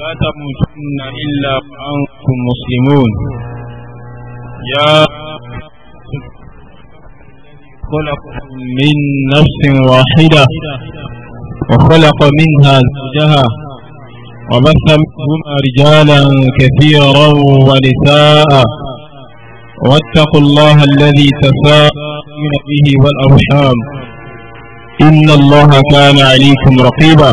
لا تموتن إلا وأنتم مسلمون يا خلق من نفس واحدة وخلق منها زوجها وبث منهما رجالا كثيرا ونساء واتقوا الله الذي تساءلون به والأرحام إن الله كان عليكم رقيبا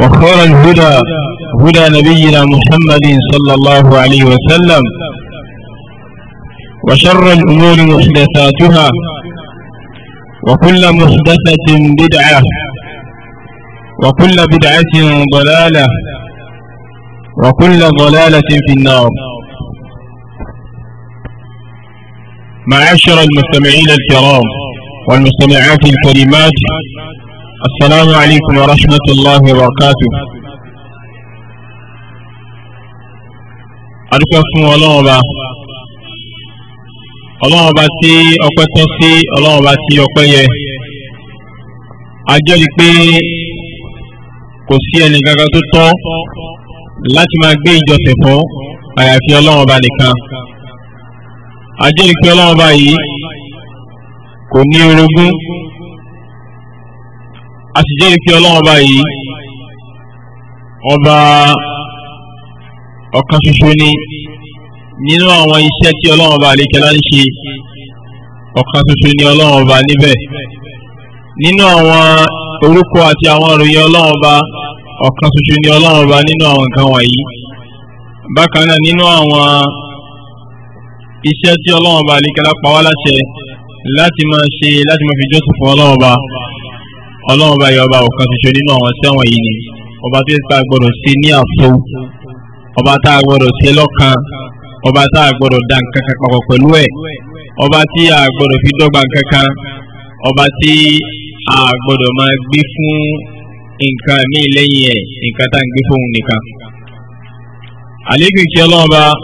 وخير الهدى هدى نبينا محمد صلى الله عليه وسلم وشر الأمور محدثاتها وكل محدثة بدعة وكل بدعة ضلالة وكل ضلالة في النار معاشر المستمعين الكرام والمستمعات الكريمات السلام عليكم ورحمة الله وبركاته adúpẹ́ fún ọlọ́run ọba ọlọ́run ọba tí ọpẹ́ tọ́ sí ọba tí ọpẹ́ yẹ a jẹ́rìí kò sí ẹnì tó tọ́ láti máa gbé ìjọsìn fún àyàfi ọba nìkan a jẹ́rìí ọba yìí kò ní orogún a sì jẹ́ ìpín ọlọ́run ọba yìí ọba ọ̀kan ṣoṣo ni nínú àwọn iṣẹ́ tí ọlọ́run ọba àlekẹ́lá ń ṣe ọ̀kan ṣoṣo ni ọlọ́run ọba níbẹ̀ nínú àwọn orúkọ àti àwọn ìròyìn ọlọ́run ọba ọ̀kan ṣoṣo ni ọlọ́run ọba nínú àwọn nǹkan wọ̀nyí bákan náà nínú àwọn iṣẹ́ tí ọlọ́run ọba àlekẹ́lá pa wá láṣẹ láti máa ṣe láti máa fi jọ́sìn fún ọlọ́run ọba. ọlọ́run ya yọba ọ̀kan ṣoṣo nínú àwọn sẹ́wọ̀n yìí ni ọba tí a gbọ́dọ̀ sí ní àfo ọba tá a gbọ́dọ̀ sí lọ́kan ọba tá a gbọ́dọ̀ da nǹkan kan papọ̀ pẹ̀lú ẹ̀ ọba tí a gbọ́dọ̀ fi dọ́gba nǹkan ọba tí a gbọ́dọ̀ máa gbé fún nǹkan míì lẹ́yìn ẹ̀ nǹkan tá gbé fóun nìkan. àlékún ọlọ́run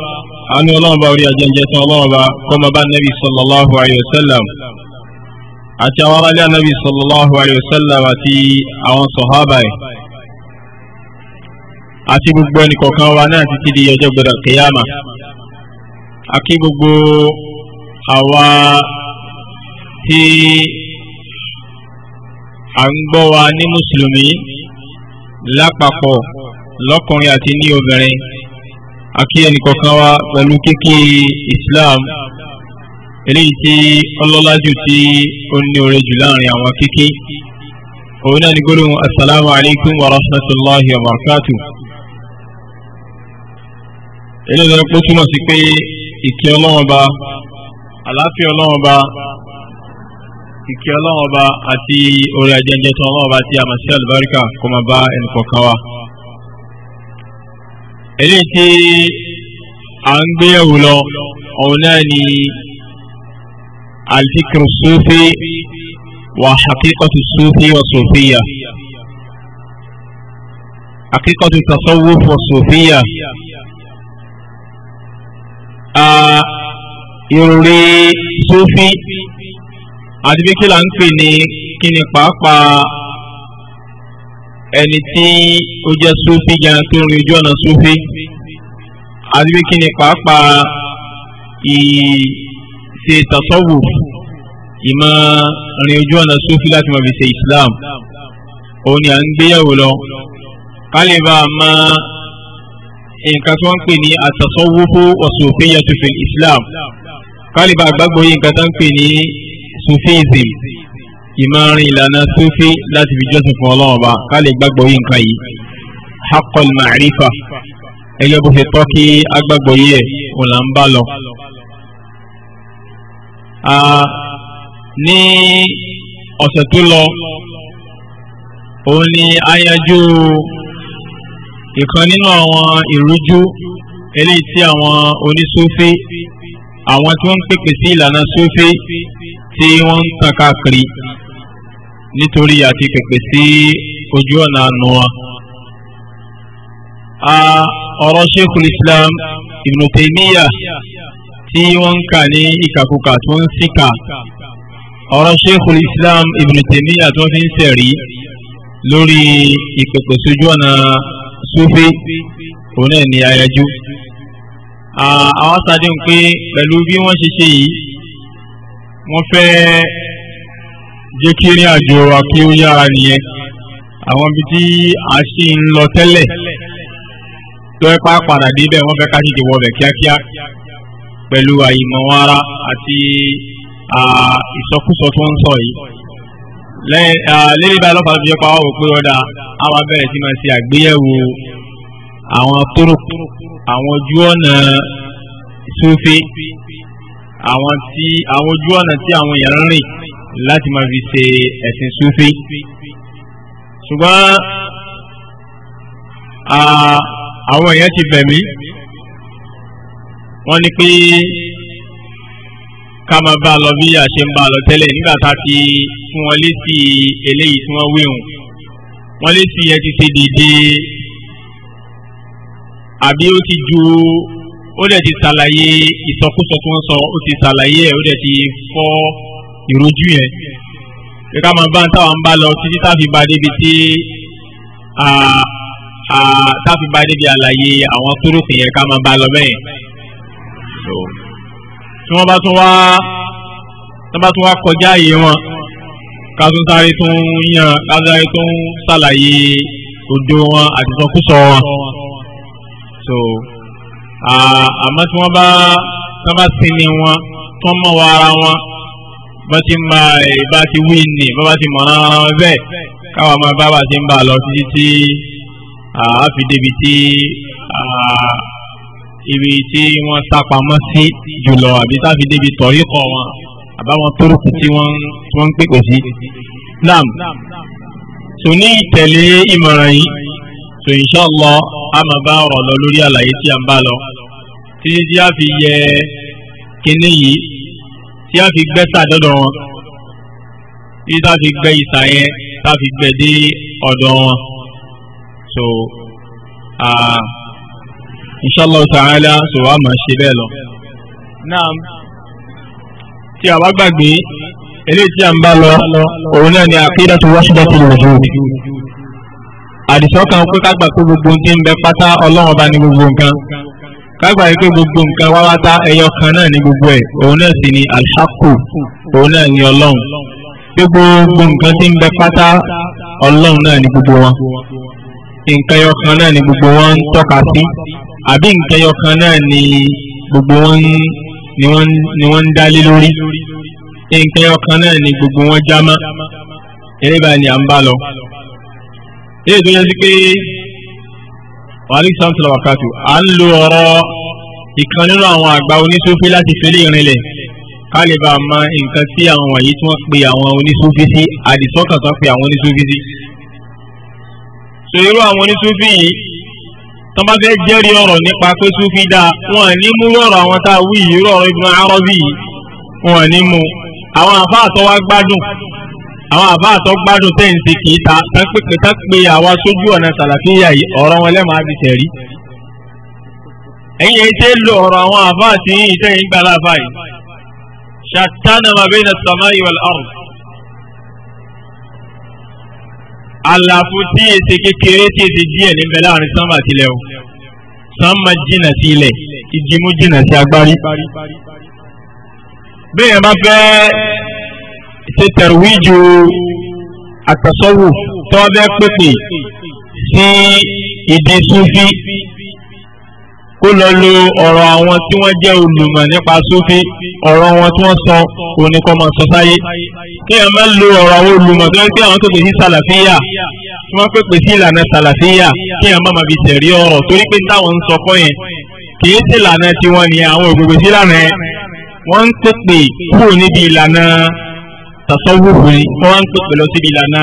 àánú ọlọ́run orí àti àwọn aráàlú anabi sallallahu alayhi wa sallam àti àwọn sọ̀hábà ẹ̀ àti gbogbo ẹnìkọ̀ọ̀kan wa náà títí di ọjọ́ gbọdọ̀ kìyàmà àkí gbogbo àwa tí à ń gbọ́ wa ní mùsùlùmí lápapọ̀ lọ́kùnrin àti ní obìnrin àkí ẹnìkọ̀ọ̀kan wa pẹ̀lú kíkí Islam eléyìí tí ọlọ́lájú tí ó ní oore jù láàrin àwọn kíkí òun náà ni gbólóhùn asalaamu alaykum wa rahmatulahi wa barakatu. eléyìí lọ́wọ́ pé túmọ̀ sí pé ìkẹ́ ọlọ́wọ́n ba àlàáfíà ọlọ́wọ́n ba ìkẹ́ ọlọ́wọ́n ba àti orí ajẹ́njẹ́ tó ọlọ́wọ́n ba ti àmàṣẹ́ àlùbáríkà kó máa bá ẹnì kọ̀ọ̀kan wa. eléyìí tí à ń gbéyàwó lọ òun náà ni. الفكر الصوفي وحقيقة الصوفي والصوفية حقيقة التصوف والصوفية آه يروي صوفي àdìbíkí là ń pè ní kíni pàápàá ẹni tí ó jẹ́ sufi gan tó ń rin ojú ọ̀nà sufi àdìbíkí ni pàápàá ìí ṣe tasawuf ìmọ̀ rìn ojú ọ̀nà sófì láti máa fi ṣe islam òun ni à ń gbéyàwó lọ kálíbà máa nǹkan tí wọ́n ń pè ní àtàsọ́wọ́fó ọ̀sọ̀fẹ́yà tó fi islam kálíbà àgbàgbọ́ yìí nǹkan tó ń pè ní sufism ìmọ̀rin ìlànà sufi láti fi jọ́sìn fún ọlọ́run ba kálí gbàgbọ́ yìí nǹkan yìí haqqal ma'rifa ẹgbẹ́ bó ṣe tọ́ kí agbàgbọ́ yìí ẹ̀ òun ní ọ̀sẹ̀ tó lọ òun ni a yanjú ìkan nínú àwọn ìrújú eléyìí tí àwọn onísúfí àwọn tí wọ́n ń pèpè sí ìlànà súfí tí wọ́n ń tàn káàkiri nítorí àti pèpè sí ojú ọ̀nà àánú wa. ọ̀rọ̀ Sheikhul Islam Ibn Taymiyyah tí wọ́n ń kà ní ìkàkùkà tí ń síkà ọ̀rọ̀ Sheikhul Islam Ibn Taymiyyah tí wọ́n fi ń sẹ̀rí lórí ìpèpè sójú ọ̀nà Sufi òun náà ni ayájú. àwọn sàdéhùn pé pẹ̀lú bí wọ́n ṣe ṣe yìí wọ́n fẹ́ jẹ́ kí ní àjò wa kí ó yára nìyẹn àwọn ibi tí a ṣì ń lọ tẹ́lẹ̀ tó ẹ pa padà débẹ̀ wọ́n fẹ́ ká ṣèjì wọbẹ̀ kíákíá pẹ̀lú àìmọ̀wára àti ìsọkúsọ tó ń sọ yìí lẹ́yìn bá lọ́pàá fi pa wọ́n pé ọ̀dà àwọn abẹ́rẹ́ sí máa ṣe àgbéyẹ̀wò àwọn tóró àwọn ojú ọ̀nà sufi àwọn tí àwọn ojú ọ̀nà tí àwọn èèyàn ń rìn láti máa fi ṣe ẹ̀sìn sufi ṣùgbọ́n àwọn èèyàn ti bẹ̀ mí wọ́n ní pé ká máa bá a lọ bí a ṣe ń bá a lọ tẹ́lẹ̀ nígbà tá a ti fún wọn lésì eléyìí tí wọ́n wéhùn wọ́n lésì yẹn ti ṣe dìde àbí ó ti ju ó dẹ̀ ti ṣàlàyé ìsọkúsọ tí wọ́n sọ ó ti ṣàlàyé ẹ̀ ó dẹ̀ ti fọ́ ìrojú yẹn pé ká máa bá ń táwọn ń bá lọ títí tá a fi ba débi tí tá a fi ba débi àlàyé àwọn tórókù yẹn ká máa bá lọ bẹ́ẹ̀ tí wọ́n bá tún wá tán bá tún wá kọjá àyè wọn ká tún sáré tún yàn ká tún sáré tún ṣàlàyé òdo wọn àti sọkúsọ wọn so àmọ́ tí wọ́n bá tán bá sinmi wọn tán mọ̀ wọ ara wọn bá ti ma ìbá ti wí ni bá ti mọ̀ ara wọn bẹ́ẹ̀ káwa máa bá bá ti ń bá a lọ títí tí a fi débi tí a ibi tí wọ́n sá pamọ́ sí jùlọ àbí táfi débi tọ̀rí kọ wọn àbáwọn tórókù tí wọ́n ń pè sí. nam tò ní ìtẹ̀lé ìmọ̀ràn yìí tò inshallah a máa bá ọ̀rọ̀ lọ lórí àlàyé tí a ń bá lọ títí tí a fi yẹ kinní yìí tí a fi gbẹ́ sàdọ́dọ̀ wọn títí tá a fi gbẹ́ ìsà yẹn tá a fi gbẹ́ dé ọ̀dọ̀ wọn. so uh, inshallah ta'ala so wa máa ṣe bẹ́ẹ̀ lọ. naam tí a bá gbàgbé eléyìí tí a ń bá lọ òun náà ni aqidatu wahdatul wujud àdìsọ́kàn pé ká gbà pé gbogbo nǹkan ń bẹ pátá ọlọ́run ọba ní gbogbo nǹkan ká gbà pé gbogbo nǹkan wá wáta ẹyọ kan náà ní gbogbo ẹ̀ òun náà sì ni alhaqu òun náà ni ọlọ́run gbogbo nǹkan tí ń bẹ pátá ọlọ́run náà ní gbogbo wọn nǹkan ẹyọ náà ni gbogbo wọn ń tọ́ka sí àbí nǹkan ẹyọ kan náà ni gbogbo wọn ni wọ́n ń dálé lórí nǹkan ẹyọ náà ni gbogbo wọn já mọ́ eré ni à ń bá lọ. eré tó yẹ sí pé wàhálì sàmùsùlà wàkàtù à ń lo ọ̀rọ̀ ìkan nínú àwọn àgbà onísúfí láti fẹ́lẹ́ ìrìnlẹ̀ ká lè bá a mọ nǹkan tí àwọn wọ̀nyí tí wọ́n pe àwọn onísúfí sí àdìsọ́kàn tó pe àwọn onísúfí sí irú àwọn onísúfì yìí tó bá fẹ́ jẹ́rìí ọ̀rọ̀ nípa pé súfì dáa wọn ní mú lọ́rọ̀ àwọn tá a wí yìí rọ̀rọ̀ Ibn Arabi yìí wọn ní mú àwọn àfáàtọ́ wa gbádùn àwọn àfáàtọ́ gbádùn tẹ̀ǹtì kì í ta tápèpè tápè àwa sójú ọ̀nà sàlàfíà yìí ọ̀rọ̀ wọn lẹ́mọ̀ á fi tẹ̀rí. ẹ̀yin èyí tẹ́ lo ọ̀rọ̀ àwọn àfáàtì yìí tẹ̀yìn gbàlá àfáà yìí àlàfo tí èsè kékeré tí èsè díẹ̀ níbẹ̀ láàrin sánmà tilẹ̀ o sánmà jìnà sí ilẹ̀ ìdìmú jìnà sí agbárí. bẹ́ẹ̀ yẹn bá fẹ́ ṣe tẹ̀rùwíjù àtàsọ́wò tó bẹ́ pèpè sí ìdí súfí kó lọ lo ọ̀rọ̀ àwọn tí wọ́n jẹ́ olùmọ̀ nípa súfí ọ̀rọ̀ wọn tí wọ́n sọ òní sọ sáyé kí ẹ máa lo ọ̀rọ̀ àwọn olùmọ̀ tó ń pẹ́ àwọn tó pè sí sàlàfíà tí wọ́n pèpè sí ìlànà sàlàfíà kí ẹ máa máa fi tẹ̀rí ọ̀rọ̀ torí pé táwọn ń sọ fọ́ yẹn kì í sí ìlànà tiwọn ni àwọn òpèpè sí ìlànà wọ́n ń pèpè kúrò níbi ìlànà tasawufu ni wọ́n ń pèpè lọ síbi ìlànà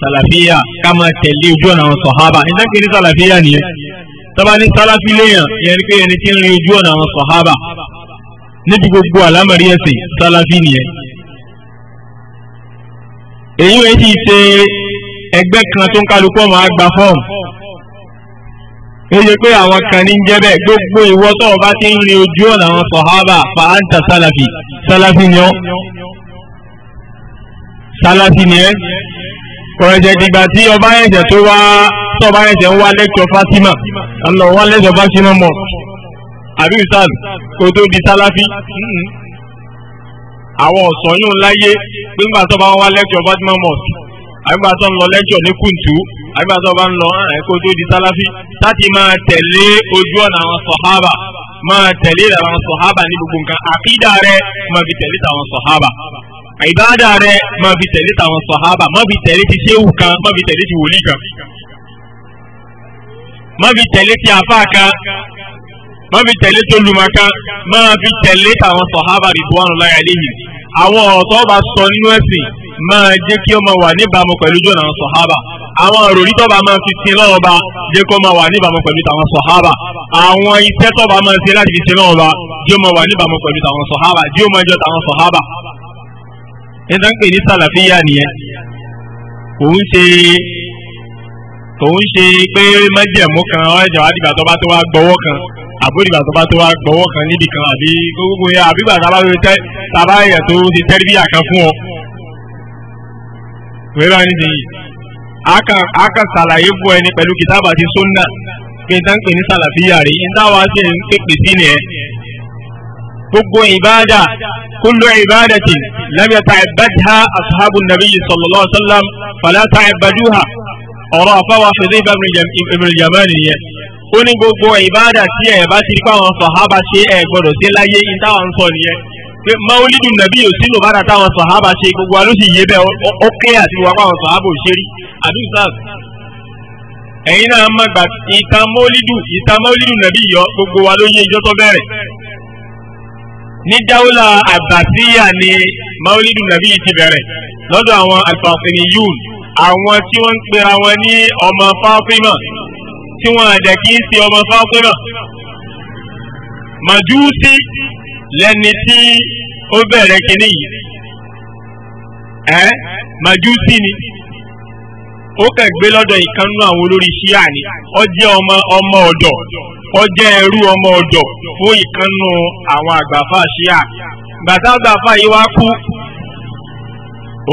sàlàfíà ká máa tẹ̀lé ojú ọ̀nà àwọn sọ̀hábà ìdáǹkì ní sàlàfíà nìyẹn tọ́ba ní sàlàfí léèyàn ìyẹn pé ẹni tí ń rin ojú ọ̀nà àwọn sọ̀hábà níbi gbogbo àlámọ̀rí ẹ̀sìn sàlàfí nìyẹn èyí wẹ́n ti ṣe ẹgbẹ́ kan tó ń kálukú ọmọ àgbà fọ́ọ̀mù èyí pé àwọn kan ní jẹ́ bẹ́ẹ̀ gbogbo ìwọ tó o bá ti ń rin ojú ọ̀nà àwọn sọ̀hábà pa áńtà sálàfì sálàfì ni ọ́ sálàfì ni ẹ́ kọ̀rọ̀jẹ̀ dìgbà tí ọba ẹ̀jẹ̀ tó wá tọ́ba ẹ̀jẹ̀ ń wá lẹ́kọ̀ọ́ Fatima ọlọ́wọ́ lẹ́sọ̀ Fatima mọ̀ àbí ìsàl kò tó di sálàfì hmm àwọn ọ̀sán yóò ń láyé pé nígbà tó bá ń wá lẹ́kọ̀ọ́ Fatima mosque àgbà tó ń lọ lẹ́kọ̀ọ́ ní kùntù àgbà tó bá ń lọ ẹ̀kọ́ tó di sáláfí láti máa tẹ̀lé ojú ọ̀nà àwọn sọ̀hábà máa tẹ̀lé àwọn sọ̀hábà ní gbogbo nǹkan àkídà rẹ máa fi tẹ̀lé tàwọn sọ̀hábà ìbáàdà rẹ máa fi tẹ̀lé tàwọn sọ̀hábà máa fi tẹ̀lé ti ṣéwù kan máa fi tẹ̀lé ti wòlíì kan máa fi tẹ̀lé ti àfáà kan má fi tẹ̀lé tó lumaka má fi tẹ̀lé àwọn sọ̀hábà rìdwan láyé àléhìn àwọn ọ̀rọ̀ tó bá sọ nínú ẹ̀sìn máa jẹ́ kí ó máa wà níbàámu pẹ̀lú jọ̀nà àwọn sọ̀hábà àwọn òròrí tó bá máa fi sin lọ́wọ́ bá jẹ́ kó máa wà níbàámu pẹ̀lú tàwọn sọ̀hábà àwọn iṣẹ́ tó bá máa ṣe láti fi sin lọ́wọ́ bá jẹ́ ó máa wà níbàámu pẹ̀lú tàwọn sọ̀hábà jẹ́ ó máa jọ tàwọn sọ̀hábà. nítorí pé ní sàlàfíà nìyẹn kò ń ṣe tòun ṣe pé mọ́jẹ̀mú kan ọ̀ẹ́jà wá dìgbà tó bá tó wá gbọ́wọ́ kan àbó dìgbà tó bá tó wá gbọ́wọ́ kan níbì kan àbí gbogbo yẹn àbí gbàgbà bá tẹ tàbá yẹ tó ti tẹ́rìbíyà kan fún ọ. wẹ́rẹ́ ní ti yìí a kan ṣàlàyé fún ẹni pẹ̀lú kìtàbà ti sọ́nà pé nǹkan pè ní sàlàfíà rèé ní táwa ṣe ń pèpè sí nìyẹn. gbogbo ìbáàdà kullu ìbáàdà tì lam yata'abbadha ashabu nabiyyi sallallahu ọ̀rọ̀ àfáwà fèdè ibn al-Yaman nìyẹn ó ní gbogbo ìbáàdà tí ẹ̀ bá ti rí pàwọn sọ̀hábà ṣe ẹ̀ gbọ́dọ̀ sí láyé yìí táwọn ń sọ nìyẹn pé maulidu nàbí yóò sínú bára táwọn sọ̀hábà ṣe gbogbo alóṣì yé bẹ́ẹ̀ ó kẹ́ àti wà pàwọn sọ̀hábà ò ṣe rí àbí sáà ẹ̀yin náà má gbà ìtàn maulidu ìtàn maulidu nàbí yọ gbogbo wa ló yé ìjọ tó bẹ̀rẹ̀ ní dáwọ́lá àbàtíyà ni maulidu nàbí ti bẹ̀rẹ̀ lọ́dọ̀ àwọn àlùfáàfin yún àwọn tí wọ́n ń pera wọn ní ọmọ Fátímà tí wọ́n àdẹ̀ í ṣe ọmọ Fátímà màjúùsí lẹ́ni tí ó bẹ̀rẹ̀ kínní yìí ẹ́ màjúùsí ni ó kẹ̀gbé lọ́dọ̀ ìkanú àwọn olórí ṣíà ni ó jẹ́ ọmọ ọmọ ọ̀dọ̀ jẹ́ ẹrú ọmọ ọ̀dọ̀ fún àwọn àgbàfà gbàtà àgbàfà yìí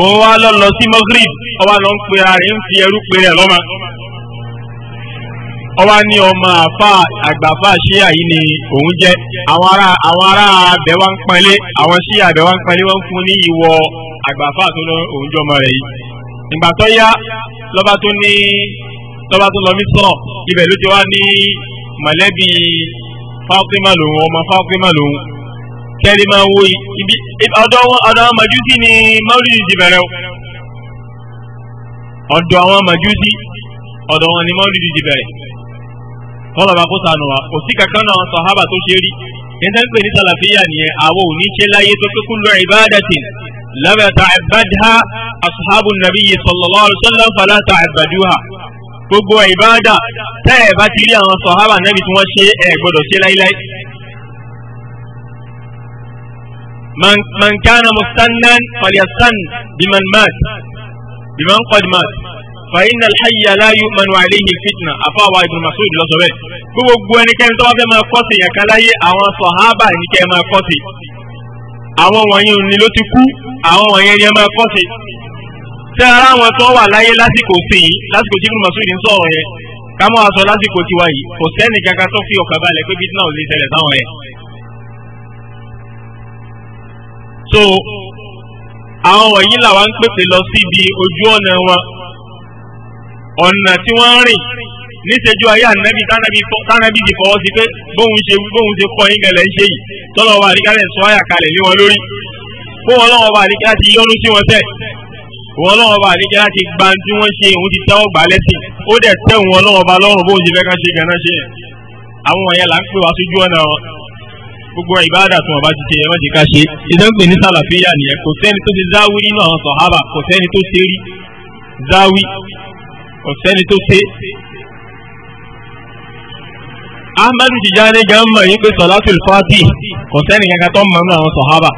òun wá lọ lọ sí Maghrib ọba lọ ń pe ààrẹ ń fi ẹrú pe rẹ lọ́mọ ọba ní ọmọ àfa àgbàfà ṣíà yìí ni òun jẹ àwọn ará àwọn ará abẹ wa ń pẹlẹ àwọn ṣíà abẹ wa ń pẹlẹ wọn fún ní ìwọ àgbàfà tó lọ òun jọ ọmọ rẹ yìí ìgbà tó yá lọba tó ní lọba tó lọ mí sọ ibẹ̀ ló ti wá ní mọ̀lẹ́bí Fátímà lòun ọmọ Fátímà lòun kẹ́rì máa wo ibi ọ̀dọ̀ àwọn màjúsí ni maulidi ti bẹ̀rẹ̀ o ọ̀dọ̀ àwọn màjúsí ọ̀dọ̀ wọn ni maulidi ti bẹ̀rẹ̀ kọ́lọ̀bà kó sànù wa kò sí kankan náà sọ̀hábà tó ṣe rí nígbà pé ní sàlàfíà nìyẹn àwọn òní ṣe láyé tó pé kullu ibadatin lam ta'abbadha ashabu nabiyyi sallallahu alaihi wasallam fala ta'abbaduha gbogbo ìbáàdà tẹ́ ẹ̀ bá ti rí àwọn sọ̀hábà nábì tí wọ́n ṣe ẹ̀ gbọ́dọ̀ ṣe láíláí من من كان مستنا فليستن بمن مات بمن قد مات فإن الحي لا يؤمن عليه الفتنة أفاوى ابن مسعود لو سبب gbogbo ẹnikẹ́ni tó wá fẹ́ máa kọ́sì ẹ̀káláyé àwọn sọ̀hábà ní kẹ́ ẹ máa kọ́sì àwọn wọ̀nyí ni ló ti kú àwọn wọ̀nyí ni ẹ máa kọ́sì tẹ́ ara àwọn tó wà láyé lásìkò sí yìí lásìkò tí ibn Mas'ud ń sọ̀rọ̀ yẹn ká mọ́ aṣọ lásìkò tiwa yìí kò sẹ́ni kankan tó fi ọkàn balẹ̀ pé bíi náà ò lè ṣẹlẹ̀ sáwọn yẹn so àwọn wọ̀nyí làwọn ń pèpè lọ síbi ojú ọ̀nà wọn ọ̀nà tí wọ́n ń rìn níṣẹ́jú ayé ànábì tánábì ti fọwọ́ sí pé bóun ṣe bóun ṣe kọ́ yín ń ṣe yìí tọ́lọ́ wa àríkálẹ̀ sọ àyà kalẹ̀ lé wọn lórí fún wọn lọ́wọ́ wa àríkẹ́ láti yọ́nú sí wọn tẹ̀ wọn lọ́wọ́ wa àríkẹ́ láti gba tí wọ́n ṣe òun ti tẹ́wọ́ gbà lẹ́sìn ó dẹ̀ tẹ́ wọn lọ́wọ́ ba lọ́rùn bóun ṣe fẹ́ ká ṣe gànáṣe yẹn àwọn wọ̀nyẹn là ń pè wá sójú ọ̀nà wọn gbogbo ìbáàdà tí wọn bá ti ṣe ẹ má ti ká ṣe ìdánwò ní sàlàfíà nìyẹn kò sẹ́ni tó ṣe záwí nínú àwọn sọ̀hábà kò sẹ́ni tó ṣe rí záwí kò sẹ́ni tó ṣe. ahmadu tijani gan mọ̀ pé sọ̀látùl fati kò sẹ́ni kankan tó mọ̀ nínú àwọn sọ̀hábà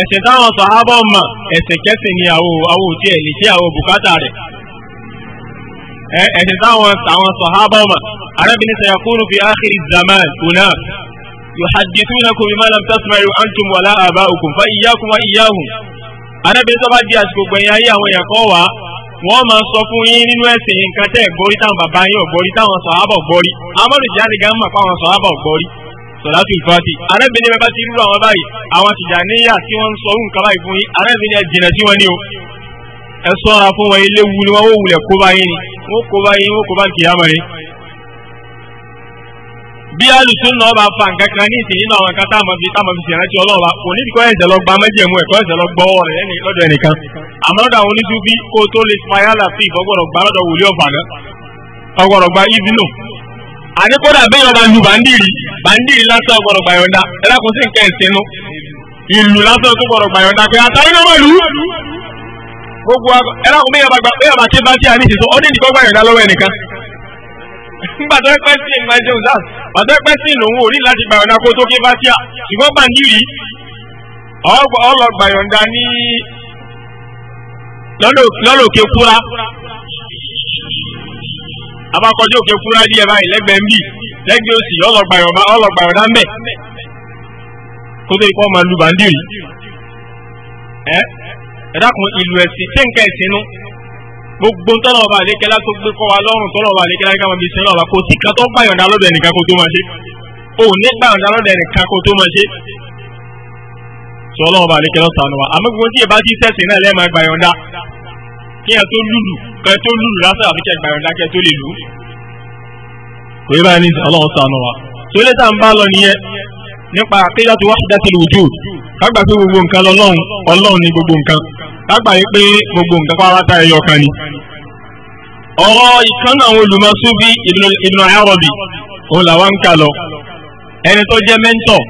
ẹ̀sẹ̀ táwọn sọ̀hábà mọ̀ ẹ̀sẹ̀ kẹsìn ni àwọn àwọn òtí ẹ̀ lè ṣe àwọn bùkátà rẹ̀ ẹ̀sẹ̀ táwọn sọ̀hábà mọ̀ arábìnrin sọ̀yà kúrú fi áàkiri zaman kùnà yuhaddithunakum bima lam tasma'u antum wala aba'ukum fa iyyakum wa iyyahum arábìnrin tó bá di àsìkò gbẹ̀yìn ayé àwọn èèyàn kan wá wọ́n máa sọ fún yín nínú ẹ̀sìn nǹkan tẹ́ gbọ́rí táwọn bàbá yín ò gbọ́rí táwọn sọ̀hábà gbọ́rí amadu jihadi gan mọ̀ fáwọn sọ̀hábà gbọ́rí sọ̀látù ìfọ́tì arábìnrin bá ti rú àwọn báyìí àwọn tìjàníyà tí wọ́n ń sọ nǹkan báyìí fún yín arábìnrin ẹ̀ jìnà sí wọn ni o ẹ sọ́ra fún wọn ilé wu ni wọ́n ó wulẹ̀ kó báyìí ni wọ́n kó báyìí wọ́n kó bá kìyàmọ̀ ni bí alùsùn náà bá fa nǹkan kan ní ìsìn nínú àwọn nǹkan táwọn fi táwọn fi ṣèrántí ọlọ́ọ̀ba kò ní ìdíkọ́ ẹ̀jẹ̀ lọ gba mẹ́jẹ̀mú ẹ̀kọ́ ẹ̀jẹ̀ lọ gbọ́ ọ̀rẹ́ ẹni lọ́dọ̀ ẹnìkan àmọ́ lọ́dọ̀ àwọn kó tó lè gba lọ́dọ̀ wòlíọ̀ gba àdékọ́dà bẹ́ẹ̀ ọ̀tẹ́pẹ́ sí lòun ò ní láti gbàyọ̀ǹda kó tó ké fásíà ṣùgbọ́n gbà nírí ọlọ gbàyọ̀ǹda ní lọ́nà òkè kúra abakọjọ òkè kúra báyìí lẹ́gbẹ̀ẹ́ ń lẹ́gbẹ̀ẹ́ òsì ọlọ kó tó ikọ́ máa lu bàndìrì ẹ ẹ dákun ìlú ẹ̀sìn ẹ̀sìn nú. gbogbo tọ́lọ̀ ọba àlékẹ́lá tó gbé kọ́ wa lọ́rùn tọ́lọ̀ ọba àlékẹ́lá ká máa fi sin ọlọ́ba kò sí kan tó gbàyọ̀ǹda lọ́dọ̀ ẹnìkan kó tó máa ṣe ò ní gbàyọ̀ǹda lọ́dọ̀ ẹnìkan kó tó máa ṣe tọ́lọ̀ ọba àlékẹ́lá sànù wa àmọ́ gbogbo tí ẹ bá ti sẹ́sìn náà lẹ́ẹ̀ma gbàyọ̀ǹda kí ẹ tó lùlù kẹ tó lùlù lásán àbí kẹ gbàyọ̀ǹda kẹ tó lè o kò yẹ báyìí ọlọ́run sànù wa tó lè tá à ń bá lọ nìyẹn nípa àkídàtu wahdatil wujud ká gbà pé gbogbo nǹkan lọ́lọ́run ọlọ́run ni gbogbo nǹkan kágbà yìí pé gbogbo nǹkan pàrọ̀tà ẹ̀yọ kan ni. ọ̀rọ̀ ìkan náà àwọn olùmọ̀súfí Ibn Arabi òun làwọn ń kà lọ ẹni tó jẹ́ mẹ́ńtọ̀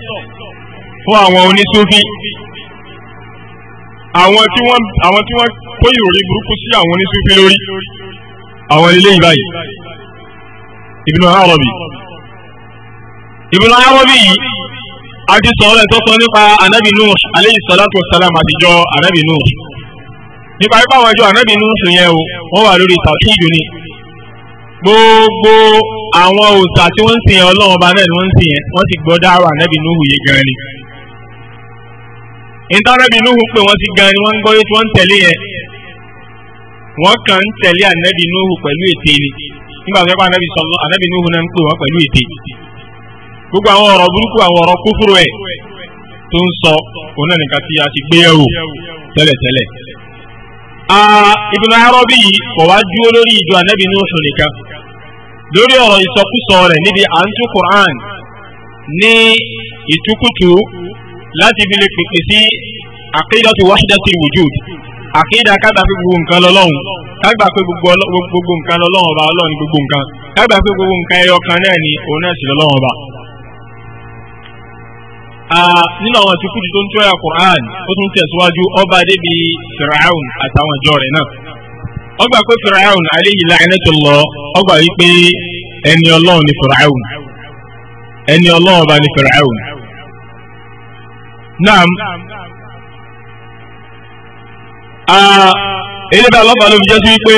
fún àwọn onísúfí àwọn tí wọ́n àwọn tí wọ́n kó ìròyìn burúkú sí àwọn onísúfí lórí àwọn ilé ìbáyìí Ibn Arabi Ibn Arabi yìí a ti sọ̀rọ̀ ẹ̀ tó sọ nípa anabi Nuh aleyhi salatu wa salam àtijọ́ anabi Nuh nípa pípa àwọn ẹjọ́ ànábì ní oṣù yẹn o wọ́n wà lórí tàkìdù ni gbogbo àwọn òòtà tí wọ́n ń sìn yẹn ọlọ́run ọba náà ni wọ́n ń sìn yẹn wọ́n ti gbọ́ dáhùn ànábì núhù yé gan ni ìtànábì núhù pé wọ́n ti gan ni wọ́n ń gbọ́ yé tí wọ́n ń tẹ̀lé yẹn wọ́n kàn ń tẹ̀lé ànábì núhù pẹ̀lú ète ni nígbà tó yẹ kó ànábì sọ̀rọ̀ ànábì núhù náà ń pè wọ́n pẹ̀lú ète gbogbo àwọn ọ̀rọ̀ burúkú àwọn ọ̀rọ̀ kúfúrú ẹ̀ tó ń sọ òun náà nìkan tí a ti gbé yẹ̀wò tẹ́lẹ̀tẹ́lẹ̀ Ibn Arabi yìí kò wá dúró lórí ìjọ ànábì Nuhu nìkan lórí ọ̀rọ̀ ìsọkúsọ rẹ̀ níbi à ń tú Quran ní ìtukùtù láti fi lè pèpè sí aqidatu wahdatil wujud àkídà kágbà pé gbogbo nǹkan lọ́lọ́hun kágbà pé gbogbo nǹkan lọ́lọ́hun ọba ọlọ́run gbogbo nǹkan kágbà pé gbogbo nǹkan ẹyọ kan náà ni òun náà sì lọ́lọ́hun ọba. nínú àwọn àtikújù tó ń tọ́ya Qur'an ó tún tẹ̀síwájú ọba débi Fir'aun àtàwọn ìjọ rẹ̀ náà ọgbà pé Fir'aun alayhi lọ ọgbà wípé pé ẹni ọlọ́run ni Fir'aun ẹni ọlọ́run ọba ni Fir'aun. naam eléba lọ́ba ló fi jẹ́ wípé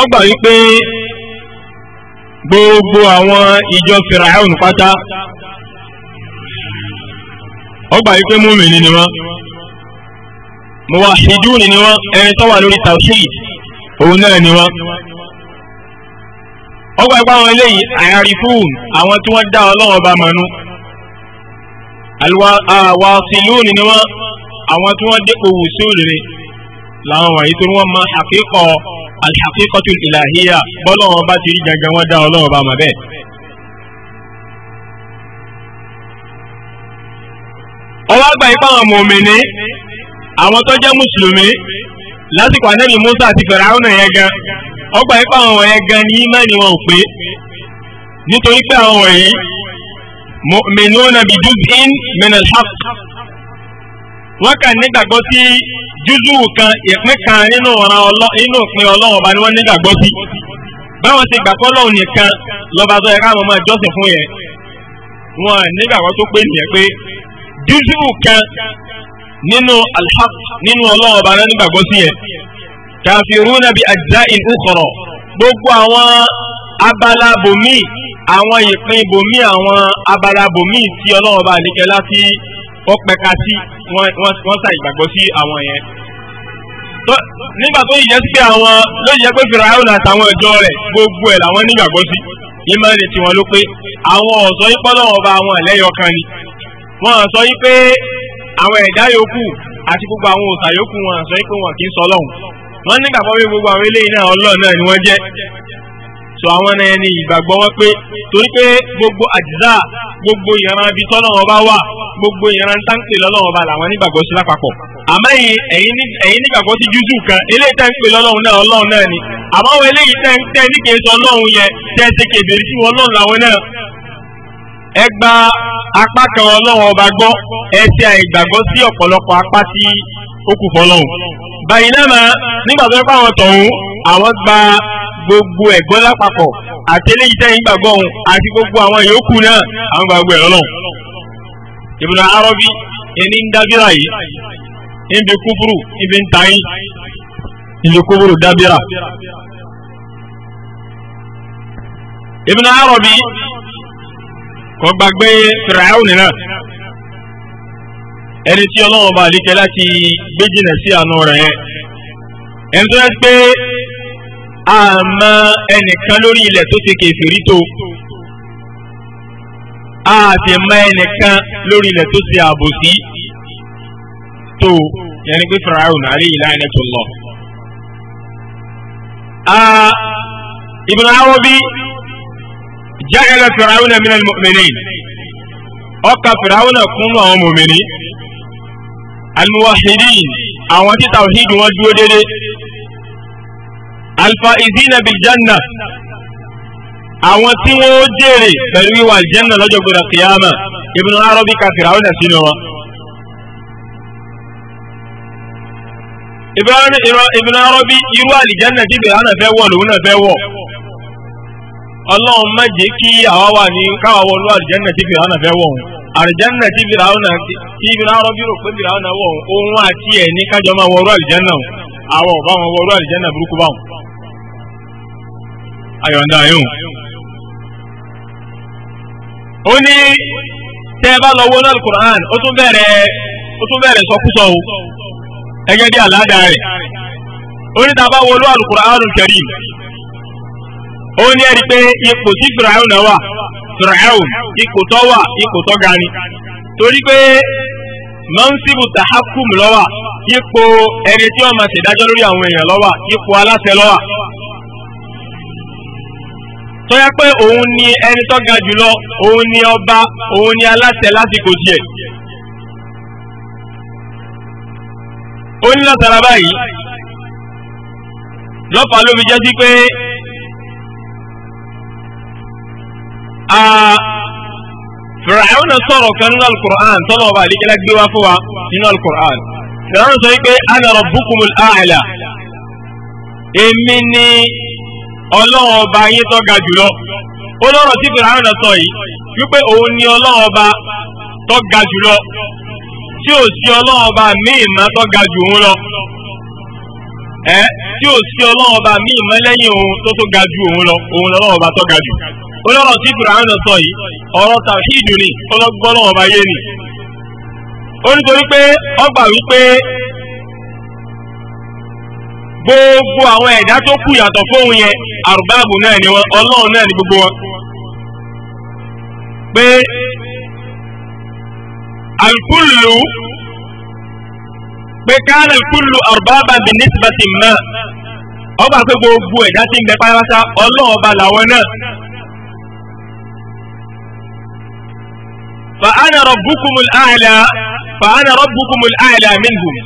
ọgbà wípé gbogbo àwọn ìjọ Fir'aun pátá. ọgbà yìí pé múmìnì ni wọ́n muwahidun ni wọ́n ẹni tó wà lórí tawhid òun náà ni wọ́n ọgbà ìpá àwọn eléyìí àyàrífún àwọn tí wọ́n dá Ọlọ́run ọba mọ̀nú àwàsílùn ni wọ́n àwọn tí wọ́n dépò wùsí òrèrè làwọn wọ̀nyí tó wọ́n mọ àkíkọ̀ alhàkíkọ̀tù ìlàhíyà bọ́lọ́run ọba ti rí gangan wọ́n dá Ọlọ́run ọba mọ̀ bẹ́ẹ̀. ọwọ́ àgbà yìí fáwọn mùmíní àwọn tó jẹ́ mùsùlùmí lásìkò ànábì Musa àti Fìràwọ́nà yẹn gan ọgbà yìí fáwọn wọ̀nyẹn gan ní ìmánì wọn ò pé nítorí pé àwọn wọ̀nyí mu'minuna bi juz'in min al-haqq wọ́n kàn nígbàgbọ́ sí júzù kan ìpín kan nínú ọ̀ràn ọlọ́ inú òpin ọlọ́run ọba ni wọ́n nígbàgbọ́ sí báwọn ti gbàgbọ́ lọ́hùn nìkan lọ́ba tó yẹ káwọn máa jọ́sìn fún yẹn wọn nígbàgbọ́ tó pé nìyẹn pé júzù kan nínú alhaq nínú ọlọ́run ọba náà nígbàgbọ́ sí yẹn kàfírúnà bí àjá ìlú kọ̀rọ̀ gbogbo àwọn abala bòmí àwọn ìpín bòmí àwọn abala bòmí tí ọlọ́run ọba àlékẹ́ láti ọpẹ́ka sí wọ́n ta ìgbàgbọ́ sí àwọn yẹn nígbà tó yẹ sí pé àwọn ló yẹ pé fìràhùn àtàwọn ẹjọ rẹ̀ gbogbo ẹ̀ làwọn nígbàgbọ́ sí ìmọ̀ ẹni tiwọn ló pé àwọn ọ̀sọ́ wọn sọ yí pé àwọn ẹ̀dá yòókù àti gbogbo àwọn òòṣà yòókù wọn sọ yí pé wọn kì í sọ ọlọ́run wọn nígbà pọ̀ pé gbogbo àwọn eléyìí náà ọlọ́run náà ni wọ́n jẹ́ sọ àwọn náà ni ìgbàgbọ́ wọn pé torí pé gbogbo àjíṣà gbogbo ìran ibi tọ́nà wọn bá wà gbogbo ìran táǹpì lọ́lọ́run bá làwọn nígbàgbọ́ sí lápapọ̀ àmọ́ ẹ̀yin nígbàgbọ́ sí jújù kan eléyìí tẹ́ ń pè lọ́lọ́run náà ọlọ́run náà ni àmọ́ àwọn tẹ́ ń tẹ́ ní kìí sọ ọlọ́run yẹn tẹ́ ṣe kébèrè sí wọn làwọn náà ẹ gba apá kan ọlọ́run ọba gbọ́ ẹ ti àìgbàgbọ́ sí ọ̀pọ̀lọpọ̀ apá tí ó kù fọlọ́run. báyìí náà nígbà tó ń pa àwọn tọ̀hún àwọn gba gbogbo ẹ̀gbọ́n lápapọ̀ àti eléyìí tẹ́yìn gbàgbọ́ ọ̀hún àti gbogbo àwọn ìyókù náà àwọn gbàgbọ́ ẹ̀rọ náà. ìbùnà arọ́bí ẹni ń dábìrà yìí níbi kúbúrú níbi ń ta yín ìbùnà arọ́bí kò gbàgbé fìràáhùn náà ẹni tí ọlọ́wọ́ bá àdíkẹ́ láti gbé jìnà sí àánú rẹ̀ ẹni tó yẹ pé àmọ́ ẹnìkan lórí ilẹ̀ tó ṣe kèfèrí tó àtẹ̀mọ́ ẹnìkan lórí ilẹ̀ tó ṣe àbòsí tó yẹni pé fìràáhùn alayhi la'natullah. Ibn Arabi ja'ala fìràwùnà minal mu'minin ọkà fìràwùnà kún àwọn mòmìnì almuwahidin àwọn tí tawhid wọn dúró dédé alfaizina biljanna àwọn tí wọn ó jèrè pẹ̀lú ìwà aljanna lọ́jọ́ gbọdọ̀ kìyàmà Ibn Arabi ka fìràwùnà sínú wọn. Ibn Arabi irú aljanna tí bẹ̀rẹ̀ náà fẹ́ wọ̀ lòun náà fẹ́ wọ̀. ọlọ́run má jẹ́ kí àwa wà ní káwa wọnú àlùjánnà tí fìràwọ̀n náà fẹ́ wọ̀ òun àlùjánnà tí fìràwọ̀n náà tí fìràwọ̀n bí rò pé fìràwọ̀n náà wọ̀ òun òun àti ẹ̀ ní kájọ máa wọrú àlùjánnà òun àwọn wọn burúkú báwọn. ayọ̀ǹda ayọ̀hún. ó ní lọ alukur'an ó tún bẹ̀rẹ̀ ó tún bẹ̀rẹ̀ sọkúsọ o ẹgẹ́ bí aládàá ó ní ẹ̀rí pé ipò tí fìràhùn wà fìràhùn ipò tó wà ipò tó ga ni torí pé mọ́nsíbù tahakum lọ́wà ipò ẹni tí wọ́n máa ṣèdájọ́ lórí àwọn èèyàn lọ́wà ipò aláṣẹ lọ́wà tó yẹ pé òun ni ẹni tó ga jùlọ òun ni ọba òun ni aláṣẹ lásìkò díẹ̀ ó ní látara báyìí lọ́pàá ló fi jẹ́ sí pé fìràwọn sọ̀rọ̀ kan nínú alukur'an tọ́lọ̀ ọba àdìgẹ́lá gbé wá fún wa nínú alukur'an fìràwọn sọ pé ana rabbukumul a'la èmi ni ọlọ́run ọba yín tó ga jùlọ ó lọ́rọ̀ tí fìràwọn sọ yìí wípé òun ni ọlọ́run ọba tó ga jùlọ tí ò sí ọlọ́run ọba míì má tó ga jù òun lọ ẹ tí ò sí ọlọ́run ọba míì má lẹ́yìn òun tó tó ga jù òun lọ òun lọ́run ọba tó ga jù olóró tí Kùránì sọ yìí ọ̀rọ̀ tàwíìdù ni ọlọ́gbọ́nà ọba yé ni ó nítorí pé ọgbà wípé gbogbo àwọn ẹ̀dá tó kù yàtọ̀ fóun yẹn àrùbáàbù náà ni wọn ọlọ́run náà ni gbogbo wọn pé alkulu pé káàdà alkulu àrùbáàbà bí nísìbàtì mọ́ ọgbà pé gbogbo ẹ̀dá tí ń bẹ pátápátá ọlọ́run ọba làwọn náà. فأنا ربكم الأعلى فأنا ربكم الأعلى منهم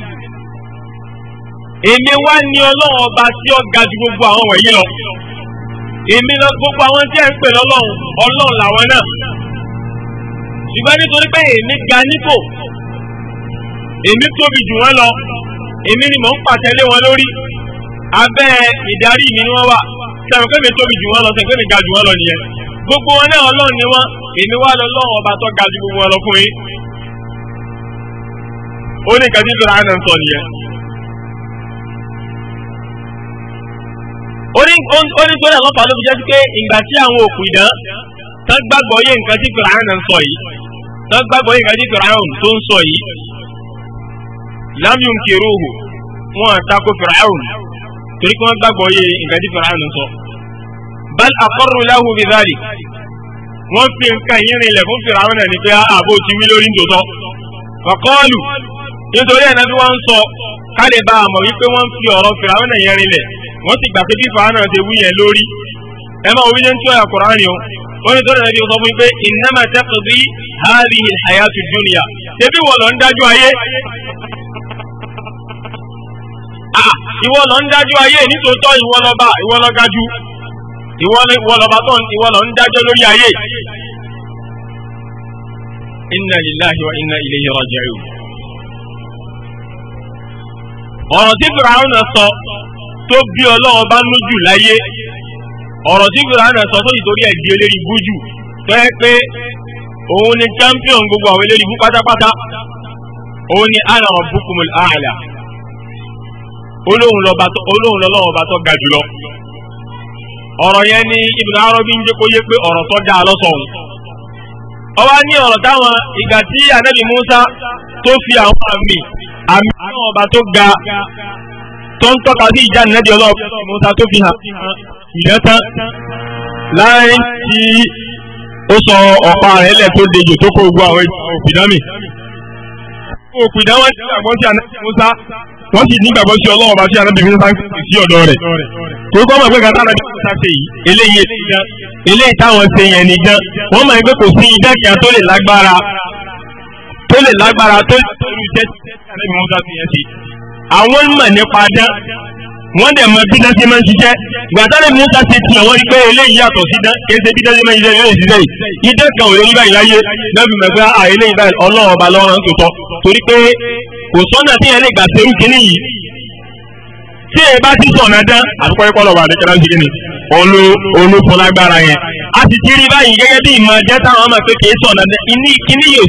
èmi wá ní ọlọ́run ọba tí ó ga ju gbogbo àwọn wọ̀nyí lọ èmi lọ gbogbo àwọn tí ẹ ń pè lọ́lọ́run ọlọ́run làwọn náà ṣùgbọ́n nítorí pé èmi ga nípò èmi tóbi jù wọ́n lọ èmi ni mò ń pàṣẹ wọn lórí abẹ́ ìdarí mi ni wọ́n wà sẹ́wọ̀n pé mi tóbi jù wọ́n lọ sẹ́wọ̀n pé mi ga jù wọ́n lọ nìyẹn gbogbo wọn náà ọlọ́run ni wọ́n èmi wá lọ lọ́wọ́ ọba tó ga ju gbogbo wọn lọ fún yín. ó ní nǹkan tí ìṣòro àná ń sọ nìyẹn. ó ní sọ́dọ̀ ọlọ́pàá ló fi jẹ́ sí pé ìgbà tí àwọn òkú ìdán tán gbàgbọ́ yé nǹkan tí ìṣòro àná ń sọ yìí tán gbàgbọ́ yé nǹkan tí ìṣòro àná tó ń sọ yìí lámìún kèrò wọn àtakò fìràhùn torí kí wọ́n gbàgbọ́ yé nǹkan tí ìṣòro àná ń sọ bal aqarru lahu bi dhalik wọ́n fi nǹkan yín rinlẹ̀ fún fìràwọn ẹni pé ààbò ti wí lórí ńdòtọ́ kọ́kọ́ọ̀lù nítorí ẹ̀nà bí wọ́n ń sọ káde bá a mọ̀ wípé wọ́n ń fi ọ̀rọ̀ fìràwọn ẹ̀yẹn rinlẹ̀ wọ́n ti gbà pé bí fàánà ti wí yẹn lórí ẹ máa wí jẹ́ ń tí ọ̀yà kùránì o wọ́n ní tọ́lá ẹbí sọ fún mi pé innama taqdi hadhihi al-hayatu ad-dunya ṣebí wọ́n lọ ń dájú ayé ìwọ lọ ń dájú ayé nítòótọ́ ìwọ lọ bá ìwọ lọ gájú ìwọ́lọ́ba tó ìwọ́lọ́ ń dájọ́ lórí ayé inna lillahi wa inna ilayhi raji'un. ọ̀rọ̀ tí fìràhùn sọ tó bí ọlọ́run bá nú jù láyé ọ̀rọ̀ tí fìràhùn sọ tó ìtorí ẹ̀ di eléri bú jù tó yẹ pé òun ni champion gbogbo àwọn eléri bú pátápátá òun ni ana rabbukumul a'la olóhùn lọ́lọ́run tó ga jùlọ. ọ̀rọ̀ yẹn ní Ibn Arabi ń jẹ́ yé pé ọ̀rọ̀ tó dáa ọ wá ní ọ̀rọ̀ táwọn ìgbà tí anabi Musa tó fi àwọn àmì àmì àwọn ọba tó ga tó ń tọ́ka sí ìjà nínú ẹ̀dí Musa tó fi hàn ìyẹn tán tí ó sọ ọ̀pá rẹ̀ lẹ̀ tó dejò tó kó àwọn Musa wọ́n sì nígbàgbọ́ sí ọlọ́wọ́ bá sí arábìnrin sáà sí ọ̀dọ́ rẹ̀ torí kọ́ mọ̀ pé kàtà àràbí sáà ṣe yìí eléyìí eléyìí táwọn ṣe yẹn ní gan wọ́n mọ̀ pé kò sí idán kan tó lè lágbára tó lè lágbára tó lè tó lè jẹ́ arábìnrin wọn sáà yẹn ṣe àwọn mọ̀ nípa dán wọ́n dẹ̀ mọ bí dáṣe máa ń ṣiṣẹ́ gbàtà lè mú dáṣe tiẹ̀ wọ́n rí pé eléyìí yàtọ̀ sí dán kéde bí dáṣe máa ń ṣiṣẹ́ yóò ṣiṣẹ́ yìí idán kan ò lè rí báyìí láyé lẹ́bi mẹ́gbẹ́ àìlè ìbáyìí ọlọ́run ọba lọ́rùn tó tọ́ torí pé kò sọ́nà tí yẹn lè gbà serú kínní yìí tí ẹ bá ti sọ̀nà dán àtúkọ́ ẹ̀kọ́ lọ́wọ́ àdékẹ́lá ń olú olú fọlágbára yẹn a sì ti rí báyìí gẹ́gẹ́ bí ìmọ̀ jẹ́ táwọn ọmọ ya. sọ̀nà dán kínní yìí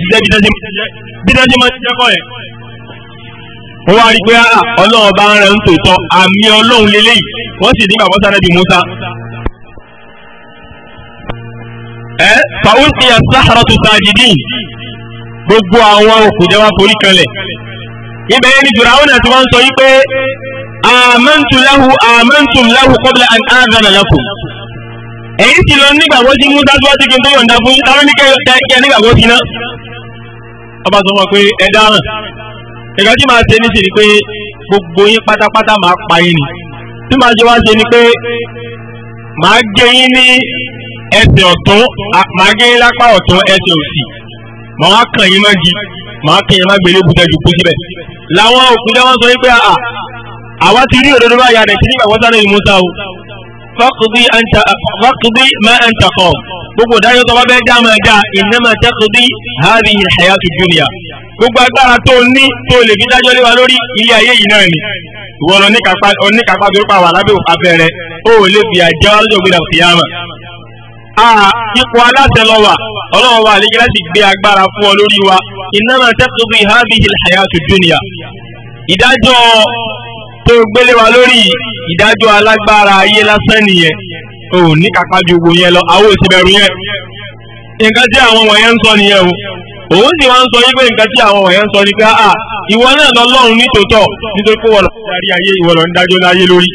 wá di Musa ẹ fàwọn ìyà sáhàrà tó sáàjì dín gbogbo àwọn òkùnjẹ́ wa forí ibẹ̀ yẹn ni fìràwọn àti wọn sọ yí pé amantu lahu amantu lahu qabla lakum èyí ti lọ nígbàgbọ́ sí mú dájúwájú kí n tó yọ̀ǹda fún táwọn ní kẹ́ nígbàgbọ́ sí náà ọba sọ wọn pé ẹ dáràn ẹ̀ka tí máa ṣe ní sí ni pé gbogbo yín pátápátá máa pa yín ni tí máa ṣe wá ṣe ni pé máa gé yín ní ẹsẹ̀ ọ̀tún máa gé yín lápá ọ̀tún ẹsẹ̀ òsì máa kàn yín má gi máa kàn yín má gbélé bùtẹ́jú kú síbẹ̀ làwọn òkúta wọn sọ wípé àà ah, ah, àwa ti rí òdodo báyà rẹ̀ sí nígbà wọ́sánà yìí musa o fọ́kùbí má ń takọ̀ gbogbo ìdájọ́ tó bá bẹ́ẹ̀ dá máa dá ìnáma tẹ́kùbí hábi ìhàyà tó júnìyà gbogbo agbára tó ní tó lè fi dájọ́ lé wa lórí ilé ayé yìí náà ni ìwọ lọ oníkàpá tó pa wà lábẹ́ abẹ́rẹ́ ó lè fi àjẹ́ wa lọ́jọ́ gbéra ipò aláṣẹ lọ wà ọlọ́wọ́ wa àlejò láti gbé agbára fún ọ lórí wa ìnáma tẹ́kùbí hábi ìhàyà tó ìdájọ́ tó gbélé wa lórí ìdájọ́ alágbára ayé lásán nìyẹn ò ní kápá ju gbogbo yẹn lọ àwọn òsì bẹ̀rù yẹn nǹkan tí àwọn wọ̀nyẹn ń sọ nìyẹn o òun sì wá ń sọ wípé nǹkan tí àwọn wọ̀nyẹn ń sọ ni pé a ìwọ náà lọ lọ́run nítòótọ́ nítorí pé wọ́n lọ ń darí ayé ìwọ lọ ń dájọ́ láyé lórí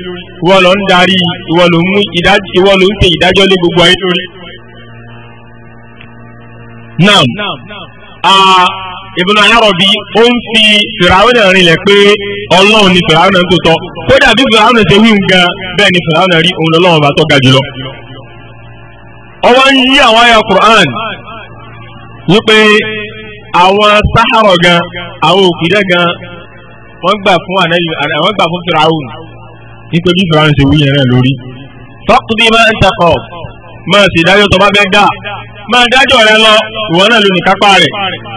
ìwọ lọ ń darí ìwọ ló ń mú ìdájọ́ ìwọ ló ń ṣe ìdájọ́ lé gbogbo ayé lórí. Naam. Ibn Arabi ó ń fi fìràwọn náà pe pé ọlọ́run ni fìràwọn náà ń tòótọ́ kódà bí fìràwọn náà ṣe bẹ́ẹ̀ ni fìràwọn náà rí òun lọ́wọ́ bá tọ́ ga jùlọ. àwọn ayọ̀ Qur'an wípé àwọn sáhárọ̀ gan àwọn òkìdẹ́ gan wọ́n gbà fún àwọn gbà fún fìràwọn nítorí bí fìràwọn ṣe wí yẹn náà lórí. faqdi ma anta máa tó bá máa dájọ́ rẹ lọ ìwọ náà ló ní kápá rẹ̀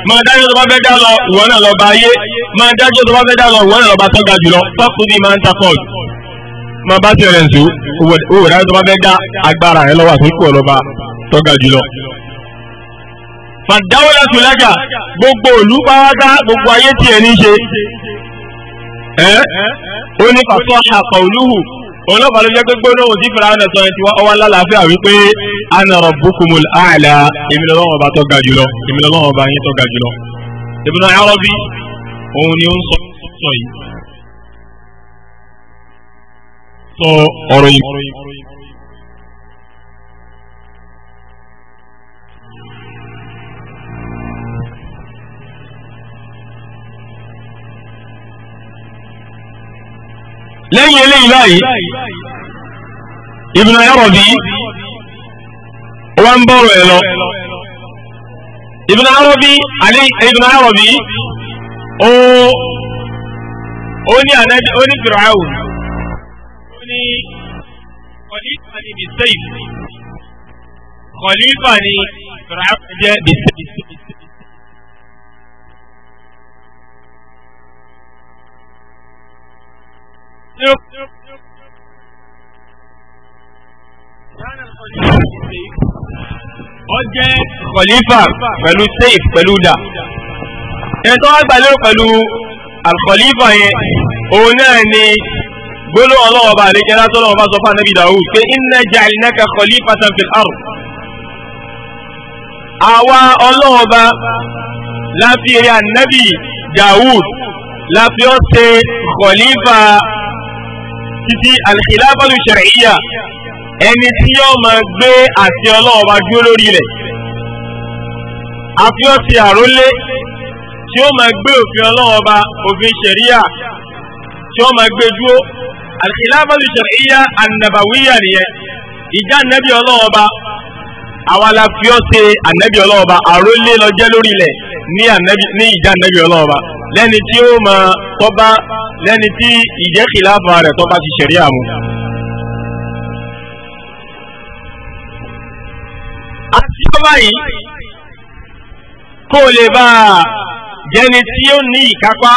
máa dájọ́ tó bá fẹ́ dá lọ ìwọ náà lọ bá ayé máa dájọ́ tó bá fẹ́ dá lọ ìwọ náà lọ bá tọ́ga jùlọ fọ́kùnrin máa ń takọ̀ máa bá tiẹ̀ rẹ̀ ń sùn owó ìdájọ́ tó bá fẹ́ dá agbára rẹ lọ́wọ́ àti kúrò lọ́ba tọ́ga jùlọ. fàdáwọ́lá tùlájà gbogbo òlú pàwátá gbogbo ayé tiẹ̀ ní ṣe ẹ́ ó ní fàtọ́ òun lọ́pàá ló jẹ́ pé gbólóhùn tí fìlà ọ̀nà sọ̀rọ̀ tiwa ọwọ́ lálàáfíà wípé ana rabbukumul a'la èmi ọba tó ga jùlọ èmi ọba yín tó ga jùlọ. Ibn Arabi òun ni ó ń sọ sọ yìí. sọ ọ̀rọ̀ yìí. lẹ́yìn eléyìí báyìí Ibn Arabi wọ́n ń bọ̀rọ̀ ẹ̀ lọ Ibn Arabi alẹ́ Ibn Arabi ó ó ní ànábi ó ní fìràwù ó ní kọ̀lífà ní bìsẹ́yì kọ̀lífà ní fìràwù jẹ́ bìsẹ́yì. ó jẹ́ kọ̀lífà pẹ̀lú seif pẹ̀lú dà ẹni tó wá gbà lérò pẹ̀lú alkọ̀lífà yẹn òun náà ni gbóló ọlọ́wọ́ bá àlejò ẹlá tó lọ́wọ́ bá sọ fún anabi dawud pé inna ja'alnaka khalifatan fil ard títí alìkìláfàlù ṣẹ̀ríyà ẹni tí yóò máa gbé àti ọlọ́ọ̀bá dúró lórí rẹ̀ àfihàn ti àrólé tí ó máa gbé òfin ọlọ́ọ̀bá òfin ṣẹ̀ríyà tí ó máa gbé dúró alìkìláfàlù ṣẹ̀ríyà ànàbàwíyà nìyẹn ìjà nẹ́bí ọlọ́ọ̀bá àwa la fi ọ́ ṣe ànábì ọlọ́ọ̀ba àrólé lọ jẹ́ lórí ilẹ̀ ní ànábì ní ìjà ànábì ọlọ́ọ̀ba lẹ́ni tí ó mọ tọ́ba lẹ́ni tí ìjẹ́ kìláàfà rẹ̀ tọ́ba ti ṣẹ̀rí àmú. àti ọba yìí kó o lè bá a jẹni tí ó ní ìkápá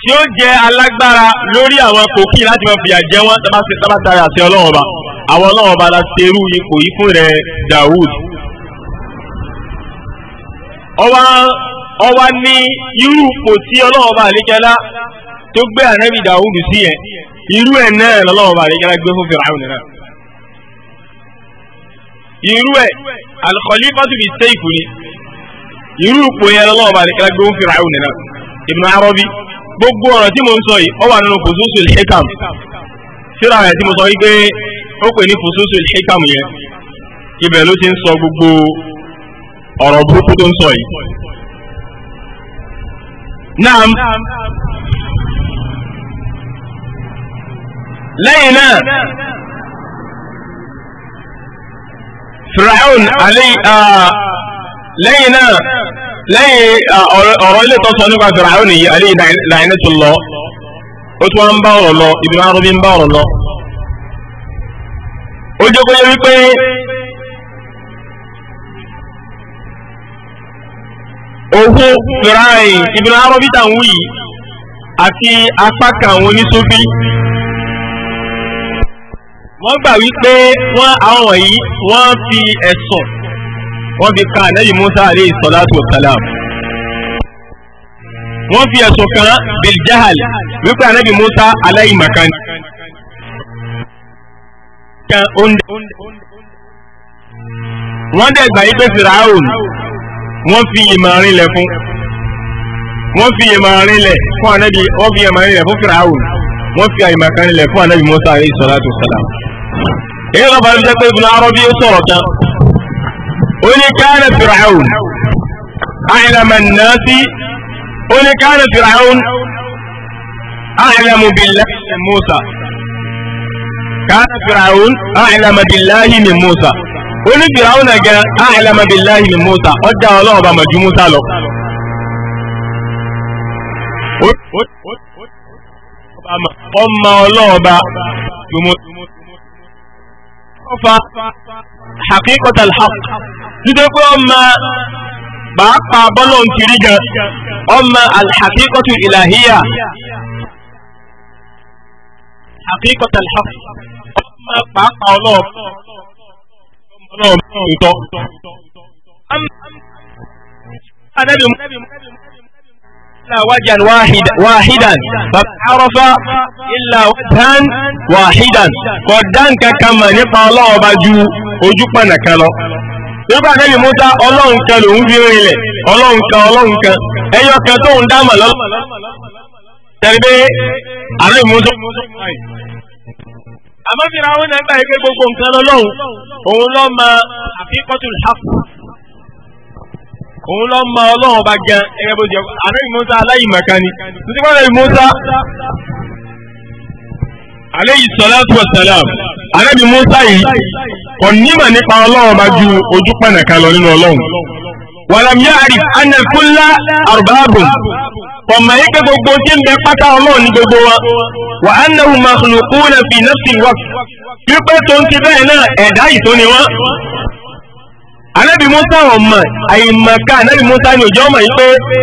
tí ó jẹ alágbára lórí àwọn kòkí láti máa fìyà jẹ wọn tábàtàrí àti ọlọ́wọ́n àwọn náà ọba la ṣerú ipò yìí fún rẹ Dawud ọwá ọwá ní irú kò sí ọlọ́wọ́ bá àlékẹ́lá tó gbé ànábì Dawud sí ẹ̀ irú ẹ̀ náà lọ́wọ́ bá àlékẹ́lá gbé fún Fir'aun náà irú ẹ̀ al-khalifatu bis-sayf ni irú kò yẹn lọ́wọ́ bá àlékẹ́lá gbé fún Fir'aun náà Ibn Arabi gbogbo ọ̀rọ̀ tí mo ń sọ yìí ó wà ó pè ní fòsósò ìṣẹ́kàmù yẹn ibẹ̀ ló ti ń sọ gbogbo ọ̀rọ̀ burúkú tó ń sọ yìí. náà lẹ́yìn náà firaun alẹ́ lẹ́yìn náà lẹ́yìn ọ̀rọ̀ ilé tó sọ nípa firaun yìí alẹ́ ìdáyẹnẹ́tò lọ ó tún wá ń bá ọ̀rọ̀ lọ ibi máa ń ń bá ọ̀rọ̀ lọ ó jókòó wípé òhun fìráì Ibn Arabi tàn wù yìí àti apá kan àwọn oníṣúbí wọ́n gbà wípé wọ́n àwọn wọ̀nyí wọ́n fi ẹ̀sùn wọ́n fi ka ànábì Musa alayhi salatu wa salam wọ́n fi ẹ̀sùn kan biljahal wípé ànábì Musa aláìmọ̀kan ni. kẹ oúnjẹ. wọ́n dẹ̀ gbà yí pé firaun wọ́n fi ìmọ̀ rinlẹ̀ fún wọ́n fi ìmọ̀ rinlẹ̀ fún anabi wọ́n fi ìmọ̀ rinlẹ̀ fún firaun wọ́n fi ìmọ̀ kan rinlẹ̀ fún anabi musa alayhi salatu salam. èyí ló fà á jẹ́ pé ibùdó arọ́bí ó sọ̀rọ̀ kan ó ní káyọ̀ firaun àìlàmà náà sí ó ní káyọ̀ firaun àìlàmù bìlá Musa. kana firaun a'lama billahi min musa ó ní firaun náà gẹ a'lama billahi min musa ó dá ọlọ́run bá mọ̀jú musa lọ. ọmọ ọlọ́run bá ju musa fa hakikota alhaq nítorí pé ọmọ pàápàá bọ́lọ̀ ń kiri gan ọmọ alhakikotu ilahiya hakikota alhaq máa pàápàá ọlọ́run ọlọ́run ọba ju ojú pọ̀nà kan lọ. Nígbà Adébí Musa ọlọ́run fi rinlẹ̀ ẹyọ kan dá mà lọ́lọ́. Tẹ̀lé àmọ́ fìrà àwọn náà gbà yí pé gbogbo nǹkan lọ́lọ́run òun lọ́ ma àfikọ́tù lápò òun lọ́ ma ọlọ́run bá gan ẹgbẹ́ bó jẹ àná ìmúta aláìmọ̀ká ni títí wọ́n lọ ìmúta alayhi salatu wa salam anábì Musa yìí kò nímọ̀ nípa ọlọ́run bá ju ojú pẹ̀nẹ̀ká lọ nínú ọlọ́run. ولم يعرف أن الكل kúnlá arbaabu ọmọ yìí ké gbogbo وأنه مخلوقون في نفس الوقت. ní gbogbo wa wà á náwó makhluquna fi nafsi waqf wípé tó ń ti bẹ́ẹ̀ náà ẹ̀dá ìtò ni wọ́n. anábì musa ọmọ àyìnmọ̀ká anábì musa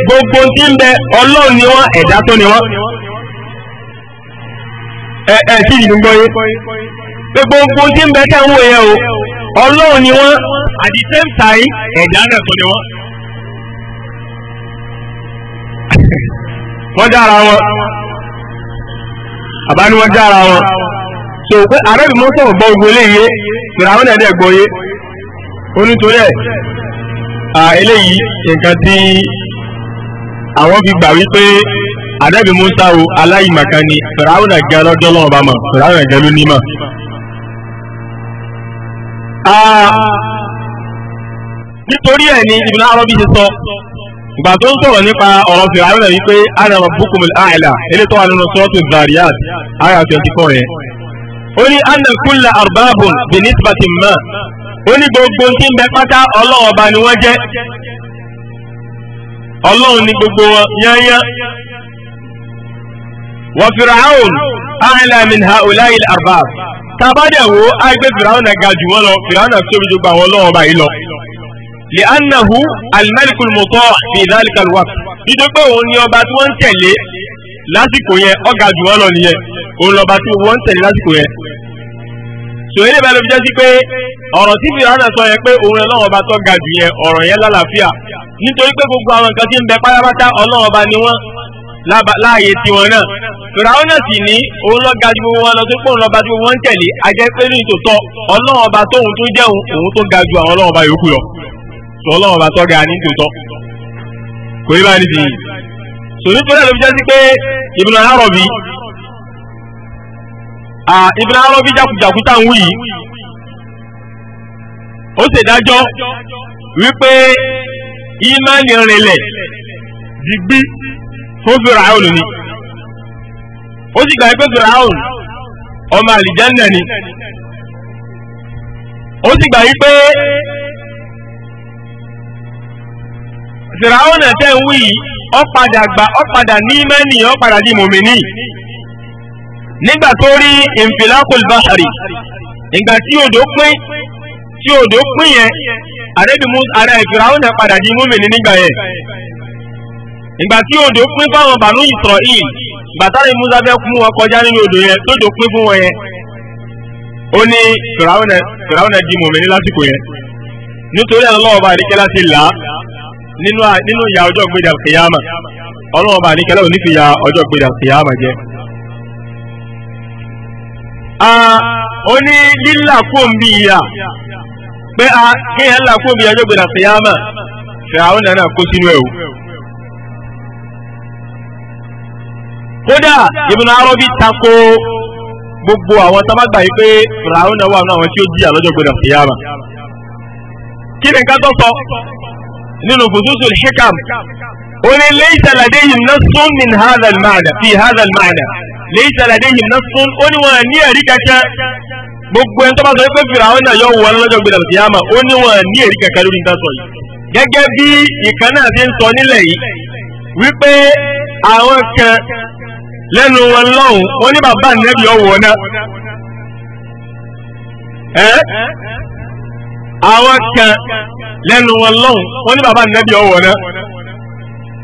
gbogbo tí ń bẹ ọlọ́run ni wọ́n ẹ̀dá tó ni wọ́n. ẹ ẹ tí ìlú gbọ́ yé pé gbogbo tí ń bẹ táwọn èèyàn o ọlọ́run ni wọ́n at the same time ẹ̀dá náà tó ni wọ́n. wọ́n dára wọn àbá ni wọ́n dára wọn so pé àrẹ́bì mọ́tò gbọ́ ogun eléyìí fìràwọn ẹ̀dẹ́ gbọ́yé onítorí ẹ̀ eléyìí nǹkan tí àwọn fi gbà wípé àrẹ́bì Mùsá o aláìmọ̀kan ni fìràwọn ẹ̀gẹ́ lọ́jọ́ lọ́wọ́ bá mọ̀ fìràwọn ẹ̀gẹ́ ló nímọ̀. nítorí ẹ̀ ni Ibn Arabi ti sọ ìgbà tó ń sọ̀rọ̀ nípa ọ̀rọ̀ fìràwọ̀ rẹ̀ wípé ana rabbukumul a'la elétò wà nínú sọ́ọ̀tù zariyat aya twenty four yẹn. ó ní anna kulla arbabun bi nisbatin ma ó ní gbogbo tí ń bẹ pátá ọlọ́run ọba ni wọ́n jẹ́ ọlọ́run ní gbogbo wọn yányán. wa fìràwọ̀ a'la min ha'ula'il arbab tàbádẹ̀wò àgbẹ̀ fìràwọ̀ náà ga jù wọ́n lọ fìràwọ̀ náà tóbi ju gbà wọn lọ́wọ́ báyìí lọ li'annahu al-malik al-muta' fi dhalika al nítorí pé òun ni ọba tí wọ́n ń tẹ̀lé lásìkò yẹn ọ̀gá jù wọ́n lọ nìyẹn òun lọ́ba tí wọ́n ń tẹ̀lé lásìkò yẹn. sòwé lè bá ló fi jẹ́ sí pé ọ̀rọ̀ tí fìyà náà sọ yẹn pé òun ẹ̀ lọ́wọ́ ọba tó ga jù yẹn ọ̀rọ̀ yẹn lálàáfíà nítorí pé gbogbo àwọn nǹkan tí ń bẹ pátápátá ọlọ́wọ́ ọba ni wọ́n láàyè tiwọn náà fìràwọn náà sì ní òun lọ ga ju gbogbo wọn lọ tó pòun lọba tí gbogbo wọn ń tẹ̀lé ajẹ́ pé ní ìtòtọ́ ọlọ́wọ́ ọba tóun tó jẹ́ òun tó ga ju àwọn ọlọ́wọ́ yòókù lọ. lọ́lọ́wọ́ bá tọ́ga ní tòótọ́ kò ní báyìí nìyí sòrí tó dàbí jẹ́ sí pé Ibn Arabi Ibn Arabi jákujàku táwọn yìí ó ṣèdájọ́ wípé ìmánì rinlẹ̀ digbí fún Firaun ni ó sì gbà pé ọmọ ni ó sì gbà wípé fìràwọ̀nà tẹ́ ń wí ọ̀padà gbà ọ̀padà ní mẹ́nì ọ̀padà di mòmìnì nígbà tó rí ìfìlákùl báṣàrì ìgbà tí odò pín tí odò pín yẹn àrẹ́bìmú ara ìfìràwọ̀nà padà di mòmìnì nígbà yẹn ìgbà tí odò pín fáwọn bànú Ísírẹ́lì gbàtàrí Musa fẹ́ mú wọn kọjá nínú odò yẹn lódò pín fún wọn yẹn ó ní fìràwọ̀nà di mòmìnì lásìkò yẹn nítorí àwọn ọlọ́wọ́ bá àdékẹ́lá ti là á nínú nínú ìyà ọjọ́ gbéra kìyàmà ọlọ́run ọba àníkẹ́lẹ́ ò ní fi ya ọjọ́ gbéra kìyàmà jẹ. ó ní lílà fóun bí ìyà pé a kéèyàn là fóun bí ìyà ọjọ́ gbéra kìyàmà fìràwọ́n náà náà kó sínú ẹ̀ o. kódà Ibn Arabi tako gbogbo àwọn tó bá gbà yí pé fìràwọ́n náà wà nínú àwọn tí ó jìyà lọ́jọ́ gbéra kìyàmà. kí ni nǹkan tó sọ nínú fususul hikam ó ní laysa ladayhim nassun min hadha al-ma'na fi hadha al-ma'na laysa ladayhim nassun ó ní wọn ní ẹ̀rí kankan gbogbo ẹni tó bá sọ pé fìràwọn náà yọ wọn lọ́jọ́ gbé dàbí yàmà ó ní wọn ní ẹ̀rí kankan lórí nǹkan sọ yìí gẹ́gẹ́ bí ìkan náà ti ń sọ nílẹ̀ yìí wípé àwọn kan lẹ́nu wọn lọ́hùn wọn ní bàbá nẹ́bí ọ̀wọ́ náà àwọn kan lẹ́nu wọn lọ́hùn Wọn ní baba nẹ́bí ọwọ́ náà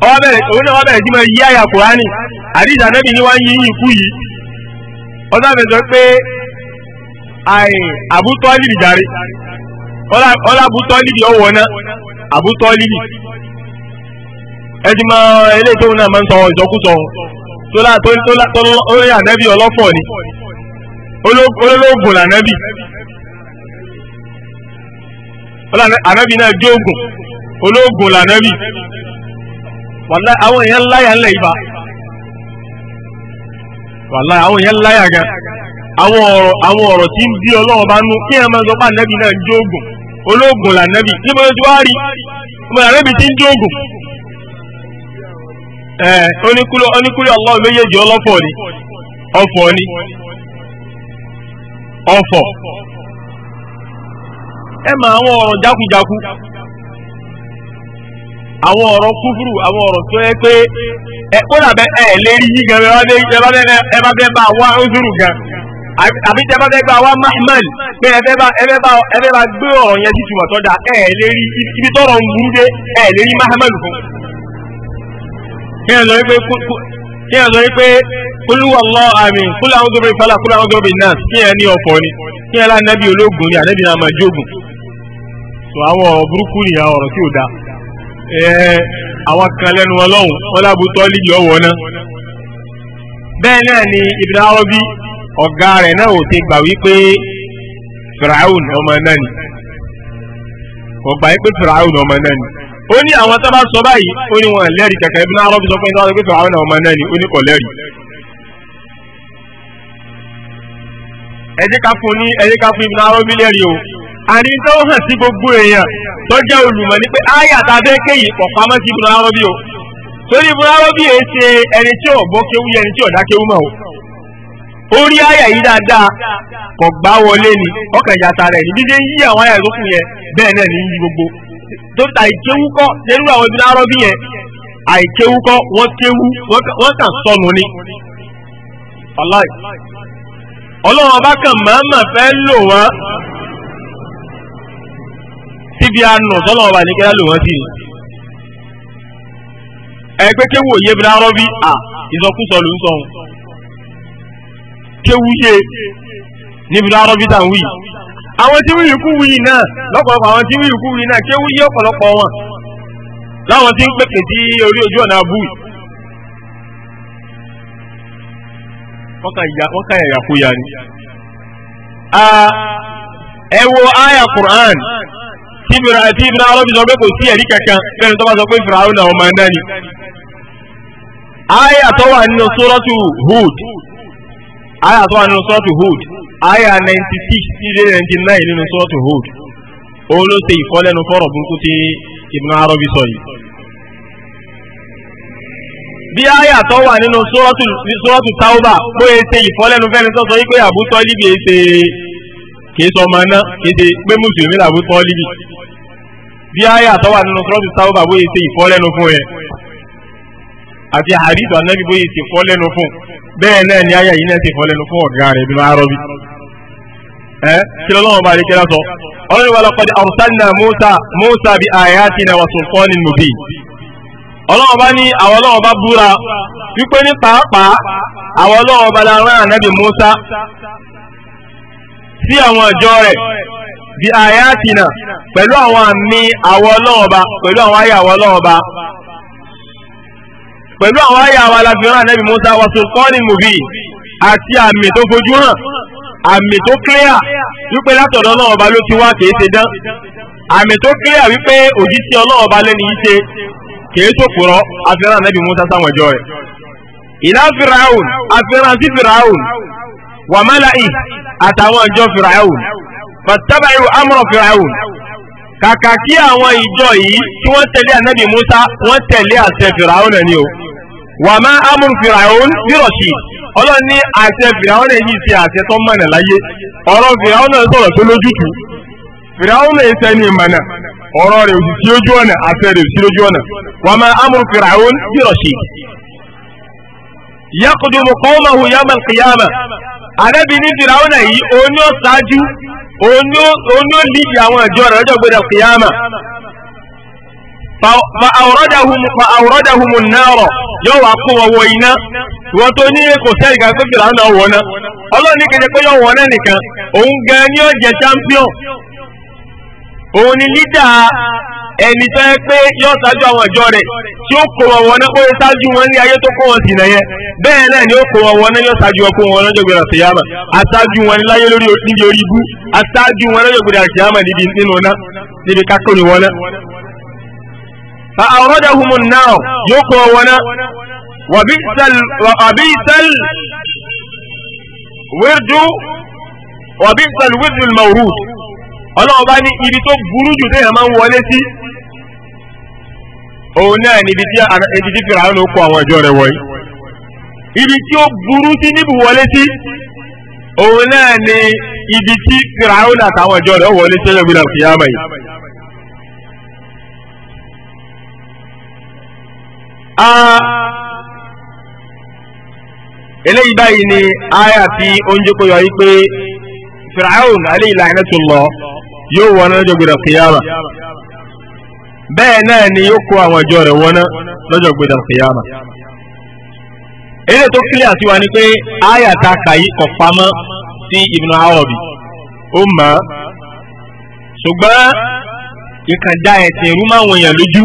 ọwọ́ bẹ̀rẹ̀ òun náà wọ́n bẹ̀rẹ̀ jímọ̀ yí àyà kùránì àdìsá nẹ́bí ni wọ́n yí yín kú yìí wọ́n sábẹ̀ sọ pé àì àbútọ́ lílì jàre ọlá àbútọ́ lílì náà àbútọ́ lílì eléyìí tóun náà máa ń sọ ìsọkúsọ tó lóyè ànẹ́bí ọlọ́fọ̀ ni ànábì náà jẹ́ ogun ológun lànábì wàlá àwọn èèyàn láyà ńlẹ̀ ibà wàlá àwọn èèyàn láyà gan àwọn àwọn tí ń bí bá nú kí ẹ máa sọ pé anabi náà ogun ológun níbo rí ọmọ ń ogun ẹ méjèèjì ni Ọfọ. ẹ mọ àwọn ọ̀rọ̀ jákujáku àwọn ọ̀rọ̀ kúfúrú àwọn ọ̀rọ̀ tó yẹ pé ẹ kódà bẹ ẹ lérí yí gan ẹ bá bẹ ẹ bá bẹ bá wá ọ́sùrù gan àbí tẹ bá fẹ́ gba wá mahman pé ẹ bá ẹ bá ẹ bá gbé ibi tọrọ ń burú dé ẹ lè mahman fún. kí ẹ pé pé kúlú ni so àwọn ọ̀rọ̀ burúkú nìyà ọ̀rọ̀ tí ò da àwọn kan lẹ́nu ọlọ́run wọn lábùtọ́ lílì ọ̀wọ́ náà bẹ́ẹ̀ náà ni Ibn Arabi ọ̀gá rẹ̀ náà ò ti gbà wípé Firaun ọmọ náà ni ọgbà yìí pé Firaun ọmọ náà ni ó ní àwọn tó bá sọ báyìí ó ní wọn lẹ́rìí kẹ̀kẹ́ Ibn Arabi sọ pé ní pé Firaun ọmọ náà ni ó ní kò lẹ́rìí. ẹ ká fún ní ẹ ká fún Ibn Arabi lẹ́rìí o àní tó hàn sí gbogbo èèyàn tó jẹ́ olùmọ̀ ní pé a pọ̀ pamọ́ sí ibùdó o torí ibùdó arọ́bí èé ṣe ẹni tí ò kéwú o rí yìí dáadáa kò gbá wọlé ni ọkàn yí àwọn yẹn bẹ́ẹ̀ náà ní yí gbogbo ìkéwú kọ́ nínú àwọn ibùdó arọ́bí yẹn àìkéwú kọ́ wọ́n kéwú wọ́n sọnù ni ọlọ́run ọba kan màmá fẹ́ síbi àánú sọ́lọ́ ọba àlékẹ́lá lò wọ́n sí ni. ẹgbẹ́ kéwù òye bí lárọ́ bí à ìsọkúsọ ló ń sọ wọn. kéwù yé níbi lárọ́ bí tàn wí. àwọn tí wíyì kú wíyì náà lọ́pọ̀lọpọ̀ àwọn tí wíyì kú wíyì náà kéwù yé ọ̀pọ̀lọpọ̀ wọn. láwọn tí ń pèpè sí orí ojú ọ̀nà abúlé. wọ́n ká yàyà kú ya ni. ẹ wo aya Qur'an tí ibìnrin arọ́bí sọ pé kò sí ẹ̀rí kankan lẹ́nu tó bá sọ pé fìràwọ́ náà ọmọ ẹ̀dá ni. àyà tó nínú sọ́rọ́tù Hud àyà tó nínú sọ́rọ́tù Hud àyà ninety six sílé ninety nine nínú sọ́rọ́tù Hud òun ló ṣe ìkọ́lẹ́nu fọ́rọ̀ burúkú tí ibìnrin arọ́bí sọ yìí. bí àyà tó wà nínú sọ́rọ́tù Tauba bóyá ṣe ìkọ́lẹ́nu fẹ́ni tó sọ yìí pé àbútọ́ líbi èsè kìí sọ ọmọ náà kéde pé mùsùlùmí làbútọ́ líbi bí àyà tó wà nínú sọ́ọ̀tì sáwọ́bà bóyá ṣe ìfọ́lẹ́nu fún ẹ àti hadith anabi bóyá ṣe ìfọ́lẹ́nu fún bẹ́ẹ̀ náà ni àyà yìí náà ṣe ìfọ́lẹ́nu fún ọ̀gá rẹ̀ bí máa ẹ kí lọ́wọ́ bá rí kíra sọ ọlọ́run wàlá qad arsalna Musa Musa bi ayatina wa sultanin mubin ọlọ́run bá ní àwọn ọlọ́run bá búra wípé ní pàápàá àwọn ọlọ́run bá la Musa sí àwọn ìjọ bí ayatina pẹ̀lú àwọn àmì àwọ̀ ọlọ́ọ̀ba pẹ̀lú àwọn àyà àwọ̀ ọlọ́ọ̀ba pẹ̀lú àwọn àyà àwọ̀ aláfihàn ànábì Musa wasulkọ́ni mubi àti àmì tó fojú hàn àmì tó clear wípé látọ̀dọ̀ ọlọ́ọ̀ba ló ti wá kìí ṣe dán àmì clear wípé òjíṣẹ́ ọlọ́ọ̀ba lẹ́ni yìí ṣe kìí ṣòfòrọ́ àfihàn ànábì Musa sáwọn ẹjọ́ rẹ̀ ìlà firaun àfihàn sí firaun wàmálà i àtàwọn ẹjọ́ firaun fàtàbàrù amúrò fìràwùn kàkà kí àwọn ìjọ yìí tí wọ́n tẹ̀lé ànábì Musa wọ́n tẹ̀lé àṣẹ fìràwùn ẹni o wà má amúrò fìràwùn fìrọ̀ṣì ọlọ́run ní àṣẹ fìràwùn ẹni ṣe àṣẹ tó mọ̀nà láyé ọ̀rọ̀ fìràwùn náà sọ̀rọ̀ tó lójútùú fìràwùn náà ṣe ní ìmọ̀nà ọ̀rọ̀ rẹ̀ òsì sí ojú ọ̀nà àṣẹ rẹ̀ òsì lójú ọ̀nà wà má amúrò fìràwùn fìrọ̀ṣì yakudu mu kọ́ọ̀mà hù yàmà ní fìràwùn náà yìí òun yóò òun ni ó lídì àwọn ìjọ rẹ̀ lọ́jọ́ gbéra kìyàmà fa àwòrọ́dàhùmù náírà yóò wá kó wọn wọ iná wọn tó ní kò sẹ́yìn kan pé fìlà náà wọ̀ náà ọlọ́run ní kéde pé yóò wọ̀ náà nìkan òun gan ni ó jẹ champion òun ni lídà ẹni tó yẹ pé yóò ṣáájú àwọn ìjọ rẹ̀ tí ó kó wọn wọná ó yẹ ṣáájú wọn ní ayé tó kó wọn sì nìyẹn bẹ́ẹ̀ náà ni ó kó wọn wọná yóò ṣáájú wọn kó wọn lọ́jọ́ gbèrà síyámà aṣáájú wọn ní láyé lórí níbi orí ibú aṣáájú wọn lọ́jọ́ gbèrà síyámà níbi nínú ná níbi kákó ni wọná. fa awradahumu náà yóò kó wọn wọná wàbí sẹ́l wírdú wàbí sẹ́l wírdú mawrud ọlọ́wọ́ bá ní ibi tó burú jù téèyàn máa ń wọlé sí òun náà ibi tí fìràwọn na kó àwọn ẹjọ́ rẹ̀ wọ̀nyí ibi tí ó burú sí níbi wọlé sí òun náà ni ibi tí fìràwọn àtàwọn ẹjọ́ rẹ̀ wọlé sí ẹgbẹ́ náà kìyàmà yìí. eléyìí báyìí ni aya tí oúnjẹ kò yọ yí pé fìràwọn alayhi la'natullah yóò wọ náà lọ́jọ́ gbèrè bẹ́ẹ̀ náà ni yóò kó àwọn ìjọ rẹ̀ wọná lọ́jọ́ gbẹdà kìyàmà eré tó kílẹ̀ àti wa ni pé ayàtà kàyí kọ̀ pamọ́ sí Ibn Arabi ó mọ̀ ọ́ ṣùgbọ́n ìkàndá ẹ̀sìn ìrú máa wọ̀nyàn lójú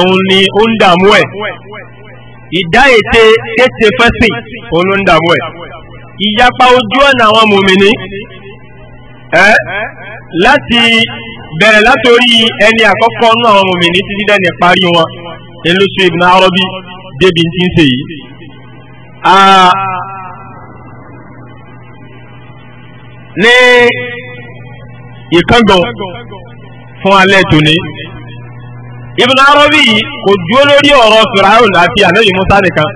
òun ni ó ń dààmú ẹ̀ ìdá ète tètè fẹ́sìn òun ló ń dààmú ẹ̀ ìyapa ojú ọ̀nà àwọn mòmìnì ẹ́ láti bẹ̀rẹ̀ látòrí ẹni àkọ́kọ́ náà àwọn mòmìnì títí dẹ́ni parí wọn elóṣù ibn Arabi débi tí ń ṣe yìí. ní ìkángan fún alẹ́ tòní ibn Arabi yìí kò dúró lórí ọ̀rọ̀ fìràhùn àti àlẹ́yìn musa nìkan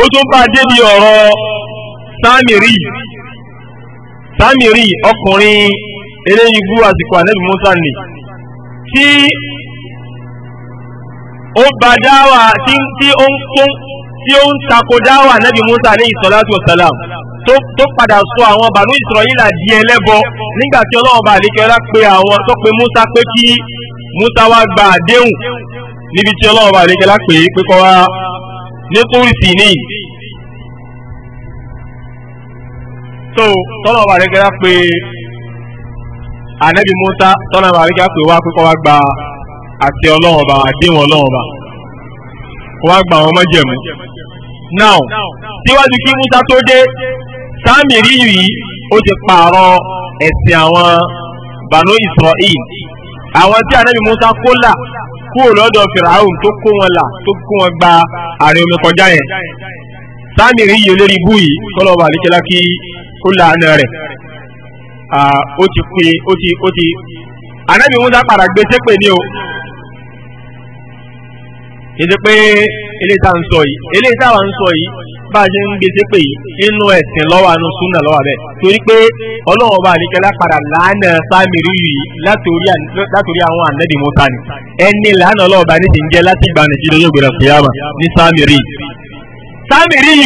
ó tún bá débi ọ̀rọ̀ sámìrì sámìrì ọkùnrin. eléyìí bú àsìkò ànábì Musa ni, tí ó ba dáwà tí ó ń kún tí ó ń tako dáwà ànábì Musa alayhi salatu wassalam tó padà sọ àwọn bànú Israila di ẹlẹ́bọ nígbà tí ọlọ́run bá àlékẹ́ ọlá pé àwọn tó pe Musa pé kí Musa wá gba àdéhùn níbi tí ọlọ́run bá àlékẹ́ pé pé kọ́ wá nítorí sí ní tó tọ́lọ́run bá àlékẹ́ pé ànábì Musa tọ́lá bàbá ríkà pé wá pípọ́ wá gba àti ọlọ́run ọba àdéhùn ọlọ́run ọba wá gba àwọn ọmọjẹ̀mú. now síwájú kí Musa tó dé sáàmì ríyù yìí ó ti pààrọ̀ ẹ̀sìn àwọn bànú Israel àwọn tí ànábì Musa kó là kúrò lọ́dọ̀ fìràhùn tó kó wọn là tó kó wọn gba àárín omi kọjá yẹn sáàmì ríyù olórí ibú yìí kọ́lọ́ ọba kí ó là á nà rẹ̀. ó ti pin ó ti ó ti anabi musa n'i ní o kìí ṣe pé eléyìí tá à yìí eléyìí tá à yìí bá a ṣe ń yìí nínú lọ́wọ́ àánú súnà lọ́wọ́ bẹ́ẹ̀ torí pé ọlọ́run ọba àdìgẹ́lá padà lánà sámìrì yìí látòrí àwọn ni ẹni lánà ọlọ́ọ̀ba ní ti ń jẹ́ láti ìgbà ní yìí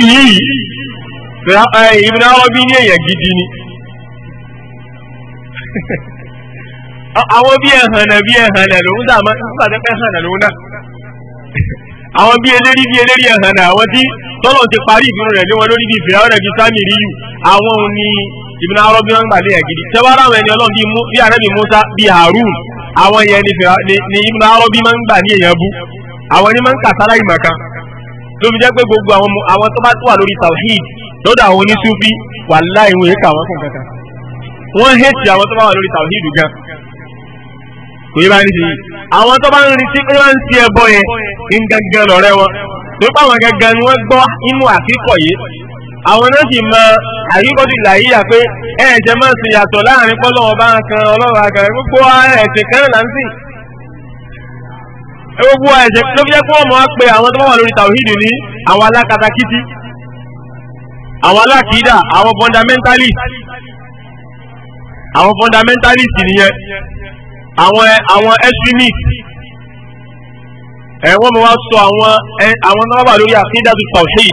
ní èèyàn gidi ni àwọn bí ẹ̀hànà bí ẹ̀hànà lòun dà máa nígbà tó fẹ́ lòun náà àwọn bí eléri bí eléri ẹ̀hànà àwọn tí tọ́lọ̀ ti parí ìdúró rẹ̀ lé wọn lórí bí ìfìyàwó rẹ̀ bí sámi rí yù àwọn ò ní ìbínú arọ́ bí ara ẹni ọlọ́run bí Musa bí Harun àwọn yẹn ni ìbínú arọ́ bí máa ń gbà ní èèyàn bú àwọn ni máa ń kàtàlá gbogbo àwọn tó bá wà lórí lọ́dọ̀ àwọn kà wọ́n fún kankan wọ́n hẹ́tì àwọn tó bá wà lórí tàwíìdù gan kò yí bá ní sí àwọn tó bá ń rí pé wọ́n ń ti ẹbọ yẹn ń gangan lọ́rẹ́ wọn tó pé àwọn gangan ni wọ́n gbọ́ inú àkíkọ̀ yìí àwọn náà sì mọ àyíkọ́dù làyíyà pé ẹ̀ẹ́dẹ̀ máa ṣe yàtọ̀ láàrin pọ́lọ́wọ́ bá ń kan ọlọ́run àgàrẹ́ gbogbo ẹ̀sìn kan là ń sìn gbogbo ẹ̀sìn ló fi jẹ́ pé wọ́n mọ̀ á pe àwọn tó bá wà lórí tàwíìdù ní àwọn alákatakítí àwọn alákìídà àwọn fundamentalist àwọn fundamentalist nìyẹn àwọn àwọn extremist ẹ̀ wọ́n mọ̀ wá sọ àwọn àwọn nọ́mbà lórí àkídàtú tawhid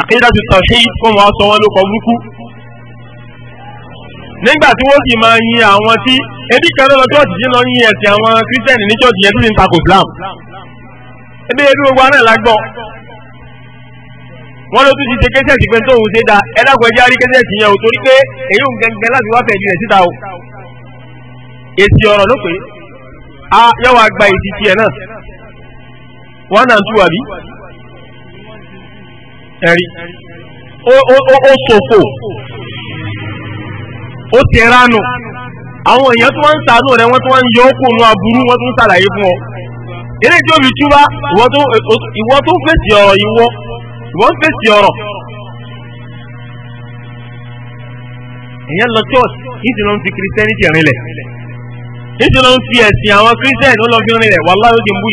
àkídàtú tawhid wọ́n mọ̀ wá sọ wọn ló kọ burúkú nígbà tí wọ́n sì máa yin àwọn tí ebi kan lọ́lọ́ chọ́ọ̀tì yìí lọ yin ẹ̀sìn àwọn kírísítẹ́nì ní chọ́ọ̀tì yẹn tó ti ń takò Islam ebi ebi gbogbo aná ẹ̀ lágbọ́n wọ́n ló tún ti ṣe kẹ́sẹ̀tì pé tóun ṣe dáa ẹ dákun ẹjẹ́ àrí kẹ́sẹ̀tì yẹn o torí pé èyí òun gẹ́gẹ́ láti wá fẹ̀jú rẹ̀ síta o èsì ọ̀rọ̀ ló pé a yọ̀wọ̀ àgbà èsì tiẹ̀ náà one and two àbí ẹ̀rí ó ṣòfò ó ti ránù àwọn èèyàn tó wọ́n ń sàánú rẹ̀ wọ́n tó wọ́n ń yọ ókú nù aburú wọ́n tó ń sàlàyé fún ọ eré tí ó fi túbá ìwọ tó fèsì ọ̀rọ̀ yìí wọ́ ṣùgbọ́n ń fèsì ọ̀rọ̀ èyàn lọ church ìsìn ń fi christianity rinlẹ̀ ìsìn ń fi ẹ̀sìn àwọn christian lọ fi rinlẹ̀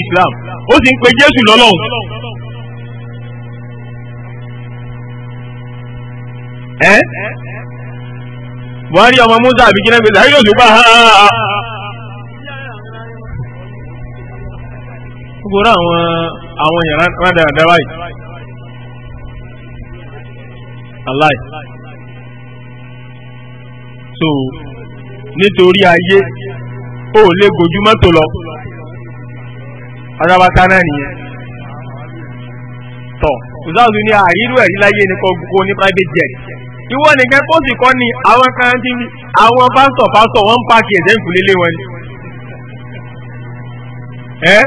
islam ó sì ń pe jésù ẹ buhari ọmọ musa àbí jìnnà gbèsè àyè òṣùpá ha àwọn àwọn Alive. so nítorí ayé ó lè gojú mọ́tò lọ arábátá náà nìyẹn tọ̀ ìsáàzù ní àrírú ẹ̀rí láyé ní kọ́gbogbo ní private jet ìwọ nìkan kó sì kọ́ ni àwọn kan tí àwọn pásítọ̀ pásítọ̀ wọ́n ń pààkì ẹ̀sẹ̀ ìkúlélé wọn ni ẹ́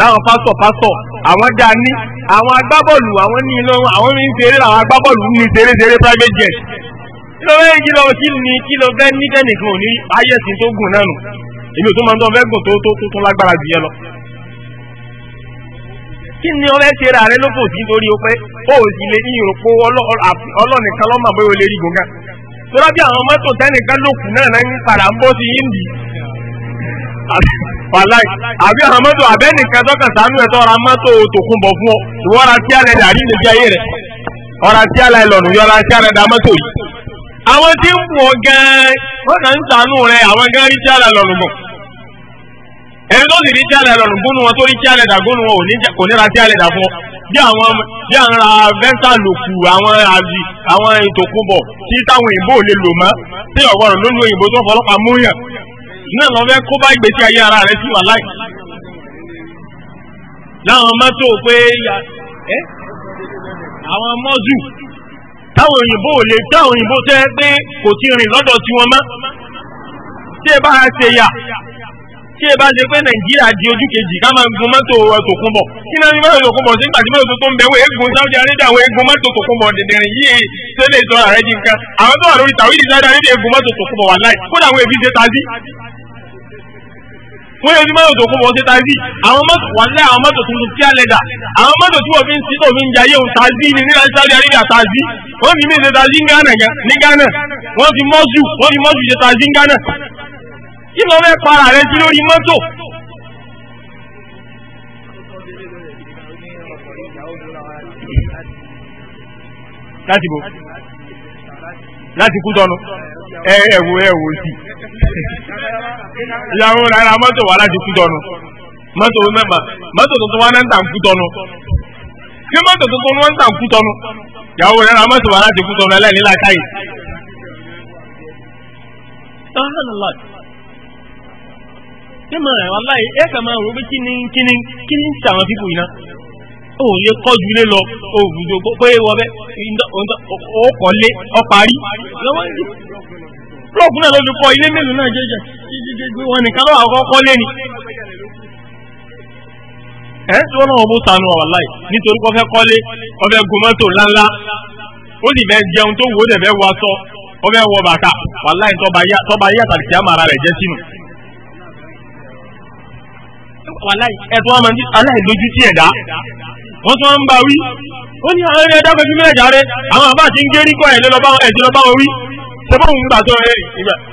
láwọn pásítọ̀ pásítọ̀ àwọn dání àwọn agbábọ́ọ̀lù àwọn ní iná àwọn ní ṣeré àwọn agbábọ́ọ̀lù ní ṣeré ṣeré private jet kí ló fẹ́ kí lọ kí ni kí lọ fẹ́ ní tẹ́nìkan ò ní ayẹ̀sìn tó gùn náà nù èmi ò tún máa ń tọ́ fẹ́ gùn tó tó tó lágbára jù yẹ lọ kí ni ọ lẹ́sẹ̀ rà rẹ lóko sí torí o pé o ò sì lè ní ìròpó ọlọ́nìkan lọ́mọ bóyá o lè rí gbọ̀ngàn tọ́lá bí àwọn mọ́tò tẹ́nìkan lòkù náà náà ń padà ń wàláì àbí àwọn mọ́tò àbẹ́nìkan tọ́kàn sánú ẹ̀ tọ́ra mọ́tò tòkun bọ̀ fún ọ ìwọ́n ra tí alẹ́ dàrí lè jẹ́ ayé rẹ̀ ọ̀ra tí alẹ́ lọ́nu yọ ra tí alẹ́ dà mọ́tò yìí. àwọn tí ń wọ̀ gan-an wọ́n náà ń sànú rẹ̀ àwọn gan rí tí alẹ́ lọ́nu bọ̀. ẹni tó sì rí tí alẹ́ lọ́nu gúnnu wọn tó rí tí alẹ́ dà gúnnu wọn kò ní ra tí alẹ́ dà fún ọ. bí àwọn bí àwọn ra vẹ́ńtà lòkù àwọn àbí àwọn ìtòkùnbọ̀ tí táwọn òyìnbó ò lè lò mọ́ tí ọ̀gbọ́n lónìí òyìnbó tó fọlọ́pàá múyàn náà lọ fẹ́ kó bá ìgbésí ayé ara rẹ sí wà láì láwọn mọ́tò pé àwọn mọ́zù táwọn òyìnbó ò lè táwọn òyìnbó tẹ́ pé kò ti rìn lọ́dọ̀ tí wọ́n mọ́ tí ẹ bá ṣe yà tí ẹ bá ṣe pé nàìjíríà di ojú kejì ká máa gun mọ́tò tòkunbọ̀ kí náà ní mọ́tò tòkunbọ̀ sí ìgbàdí mọ́tò tó ń bẹ̀wò eégún sáwọ́dì arédà wo eégún mọ́tò tòkunbọ̀ dẹ̀dẹ̀rìn yìí sẹ́lẹ̀ ìtọ́ra rẹ̀ jí nǹkan àwọn tó wà lórí tàwídìí sáwọ́dì arédà eégún mọ́tò tòkunbọ̀ wà láì kódà àwọn èbí ṣe tazí wọ́n yóò fi mọ́tò tó kún bọ́ ṣe táìsì àwọn mọ́tò wà ní àwọn mọ́tò tuntun tí a lẹ́dà àwọn mọ́tò tí wọ́n fi ń sí tó fi ń jayé òun táìsì ní nílẹ̀ Saudi Arabia táìsì wọ́n fi mí ṣe táìsì ní Ghana wọ́n fi mọ́jú wọ́n fi mọ́jú ṣe táìsì ní Ghana kí ló fẹ́ para rẹ sí lórí mọ́tò. láti bò láti kú tọ́nu ẹ ẹ wo ẹ wo sí ìyàwó rẹ̀ ra mọ́tò wà láti kújọ́nu mọ́tò mẹ́fà mọ́tò tuntun wà náà ń tà ń kújọ́nu ṣé mọ́tò tuntun wọ́n ń tà ń kújọ́nu ìyàwó rẹ̀ ra mọ́tò wà láti kújọ́nu ẹlẹ́ni láìkáyì. ìmọ̀ ẹ̀ wàláyé ẹ̀ kà máa rò pé kí ni kí ni kí ni blọọkù náà lọ́dúnkọ ilé mélòó náà jẹ́jẹ́ jíjíjẹ́ wọn nìkan lọ́wọ́ àkọ́kọ́ lé ni. ẹ tí wọn náà bó sànù ọ̀rọ̀ láì nítorí kọ́ fẹ́ kọ́lé ọbẹ̀ gòmọ́tò ńláńlá ó sì fẹ́ jẹun tó wò ó wọ aṣọ ọbẹ̀ wọ bàtà tọ́ba yé àtàlì rẹ̀ jẹ́ sínú. ẹ̀tọ́ ń bá wí ó ní àwọn ẹ̀dá tẹ́fọ́ òun gbà sọ ẹ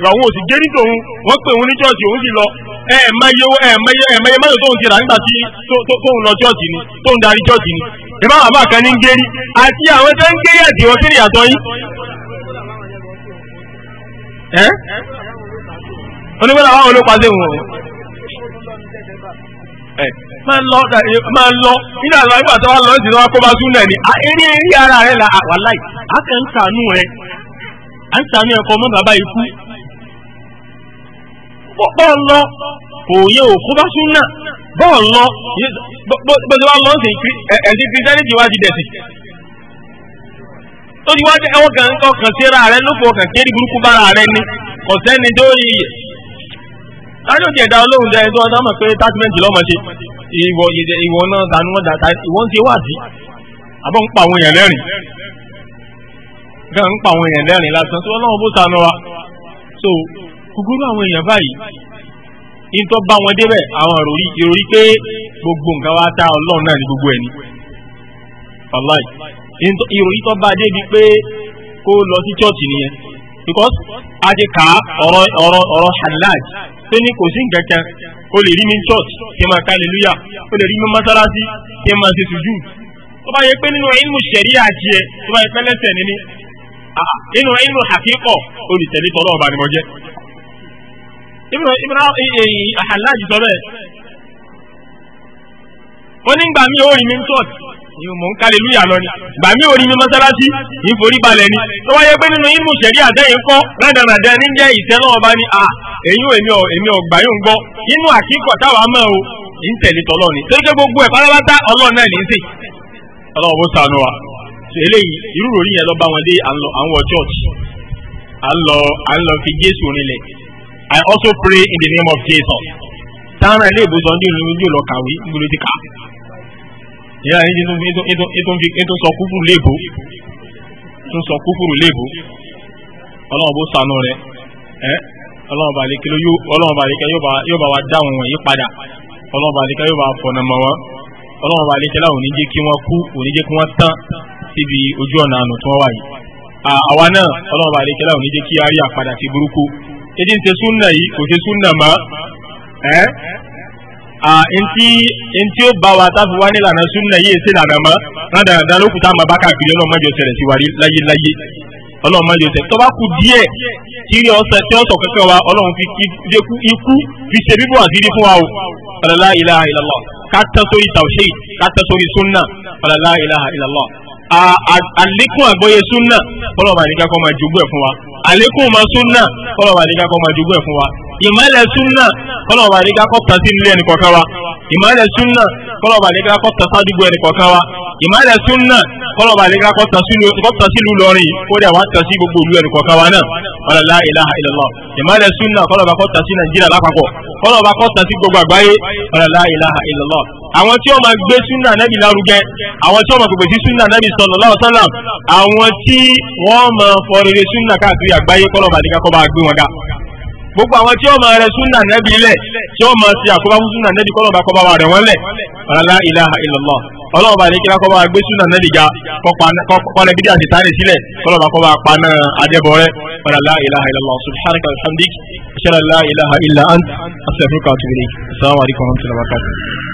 làwọn ò sì nítorí òun wọ́n pè òun ní òun lọ ẹ ẹ ẹ tóun ti rà nígbà tí tóun lọ chọ́ọ̀chì ni tóun darí chọ́ọ̀chì ni ìbá bàbá kan ní ń gérí àti àwọn tó ń àti kiri à ń sàánú ẹ̀kọ́ mọ́ bàbá ikú pọ́pọ́ lọ kò yẹ òkú bá sún náà bọ́ọ̀ lọ gbọ́dọ̀ wá lọ́ọ́ sí ẹ̀sìn christianity wá ti dẹ̀sìn tó ti wá jẹ́ ẹwọ́n kan kọ́ kàn sí ra rẹ lóko kàn kéré burúkú bára rẹ ni kò sẹ́ni tó yí yẹ. láti òkè ẹ̀dá olóhùn jẹ́ ẹjọ́ ọ̀dá mọ̀ pé tátímẹ́ǹtì lọ́mọ ṣe ìwọ náà tànú wọn dàtà ìwọ́n ti wá sí àbọ̀ ń pa àwọn èèyàn lẹ́rìn gan ń pa àwọn èèyàn lẹ́rìn lásán tí wọ́n náà bó sànú wa so kúkúrú àwọn èèyàn báyìí nítọ́ bá wọn débẹ̀ àwọn ìròrí pé gbogbo nǹkan wá tá ọlọ́run náà ní gbogbo ẹ̀ ní wàláì ìròrí tó bá pé kó lọ sí chọ́ọ̀tì nìyẹn because a ti ọ̀rọ̀ ọ̀rọ̀ ọ̀rọ̀ lè rí mi kí ka aleluya o lè rí mi kí máa sùjú tó bá yẹ pé nínú tó bá inu ah, inu àkíkọ̀ olùtẹ̀lé tọ́lọ́ ọba ni mo jẹ́ ibùdó eh, eh, àhàlájì sọ bẹ́ẹ̀ ó ní mi ń tọ́ọ̀tì mò ń ni gbàmí orí mi mọ́sálásí ní forí balẹ̀ ni tó wáyé pé nínú inú ìṣẹ̀lẹ̀ àtẹ̀yìn kọ́ rádàràdà ní jẹ́ ọba ni à èyí èmi ò èmi ò gbà gbọ́ inú àkíkọ̀ táwa mọ̀ o ń tẹ̀lé tọ́lọ́ ni torí gbogbo ẹ̀ pátápátá ọlọ́ọ̀ eléyìí irú ròrí yẹn lọ bá wọn dé àwọn church à ń lọ à ń lọ I also pray in the name of Jesus tààrà ilé ìlú ìlọ kàwé tó ń sọ kúkúrú léèbó tó ń sọ kúkúrú léèbó ọlọ́run bó sànú rẹ ẹ ọlọ́run bá lékelé ọlọ́run bá yóò bá wa wọ̀nyí padà ọlọ́run bá lékelé yóò bá wọn ọlọ́run síbi ojú ọ̀nà àánú tó wà yìí àwa náà ọlọ́run bá àdékẹ́lá ò ní jẹ́ kí a rí àpadà sí burúkú èdè ń ṣe súnà yìí kò ṣe súnà mọ́ ẹ́ ntí ntí ó bá wa táfi wá nílànà súnà yìí èsì lànà mọ́ rádaràdà lókùtà máa bá káàkiri ọlọ́run mọ́jọ ṣẹlẹ̀ sí wa láyé láyé ọlọ́run máa ń tó bá kú díẹ̀ tí ilé ọ̀sẹ̀ tí ọ̀sọ̀ kẹ́kẹ́ wa wa o àlékún àgbọ́yé súnà kọ́lọ́ọ̀bà nìkan kọ́ máa jogún ẹ̀ fún wa àlékún máa súnà kọ́lọ́ọ̀bà nìkan kọ́ máa jogún ẹ̀ fún wa ìmọ̀lẹ̀ súnà kọ́lọ̀ọ̀bà àdéká kọ́ta sí ilé ẹnì kọ̀ọ̀kan wa ìmọ̀lẹ̀ súnà kọ́lọ̀ọ̀bà àdéká kọ́ta sádùgbò ẹnì kọ̀ọ̀kan wa ìmọ̀lẹ̀ súnà kọ́lọ̀ọ̀bà àdéká kọ́ta sílùú lọ́rin kódà wà tà sí gbogbo ìlú ẹnì kọ̀ọ̀kan wa náà ọ̀là la ilaha illallah ìmọ̀lẹ̀ súnà kọ́lọ̀ọ̀bà kọ́ta sí nàìjíríà lápapọ̀ kọ́lọ̀ọ̀bà kọ́ta sí gbogbo àgbáyé ọ̀là la ilaha illallah àwọn tí ó máa gbé súnà nẹ́bì lárugẹ àwọn tí ó máa pèpè sí súnà nẹ́bì sallallahu alaihi wasallam àwọn tí wọ́n máa fọrere súnà káàkiri àgbáyé kọ́lọ̀ọ̀bà àdéká kọ́ bá gbé wọn ga gbogbo àwọn tí ó máa rẹ súnà nẹ́bí lẹ̀ tí ó máa ṣe àkóbá fún súnà nẹ́bí kọ́lọ́ba kọ́ bá wa rẹ̀ wọ́n lẹ̀ ọ̀làlá ilaha illallah ọlọ́ọ̀bà ní kíra kọ́ bá wa gbé súnà nẹ́bí ga kọ́lẹ̀ bídí àti tánì sílẹ̀ kọ́lọ́ba kọ́ bá pa náà adébọ̀rẹ́ ọ̀làlá ilaha illallah subhanaka alhamdik ṣẹlẹ̀ la ilaha illa ant astaghfiruka wa wa rahmatullahi wa barakatuh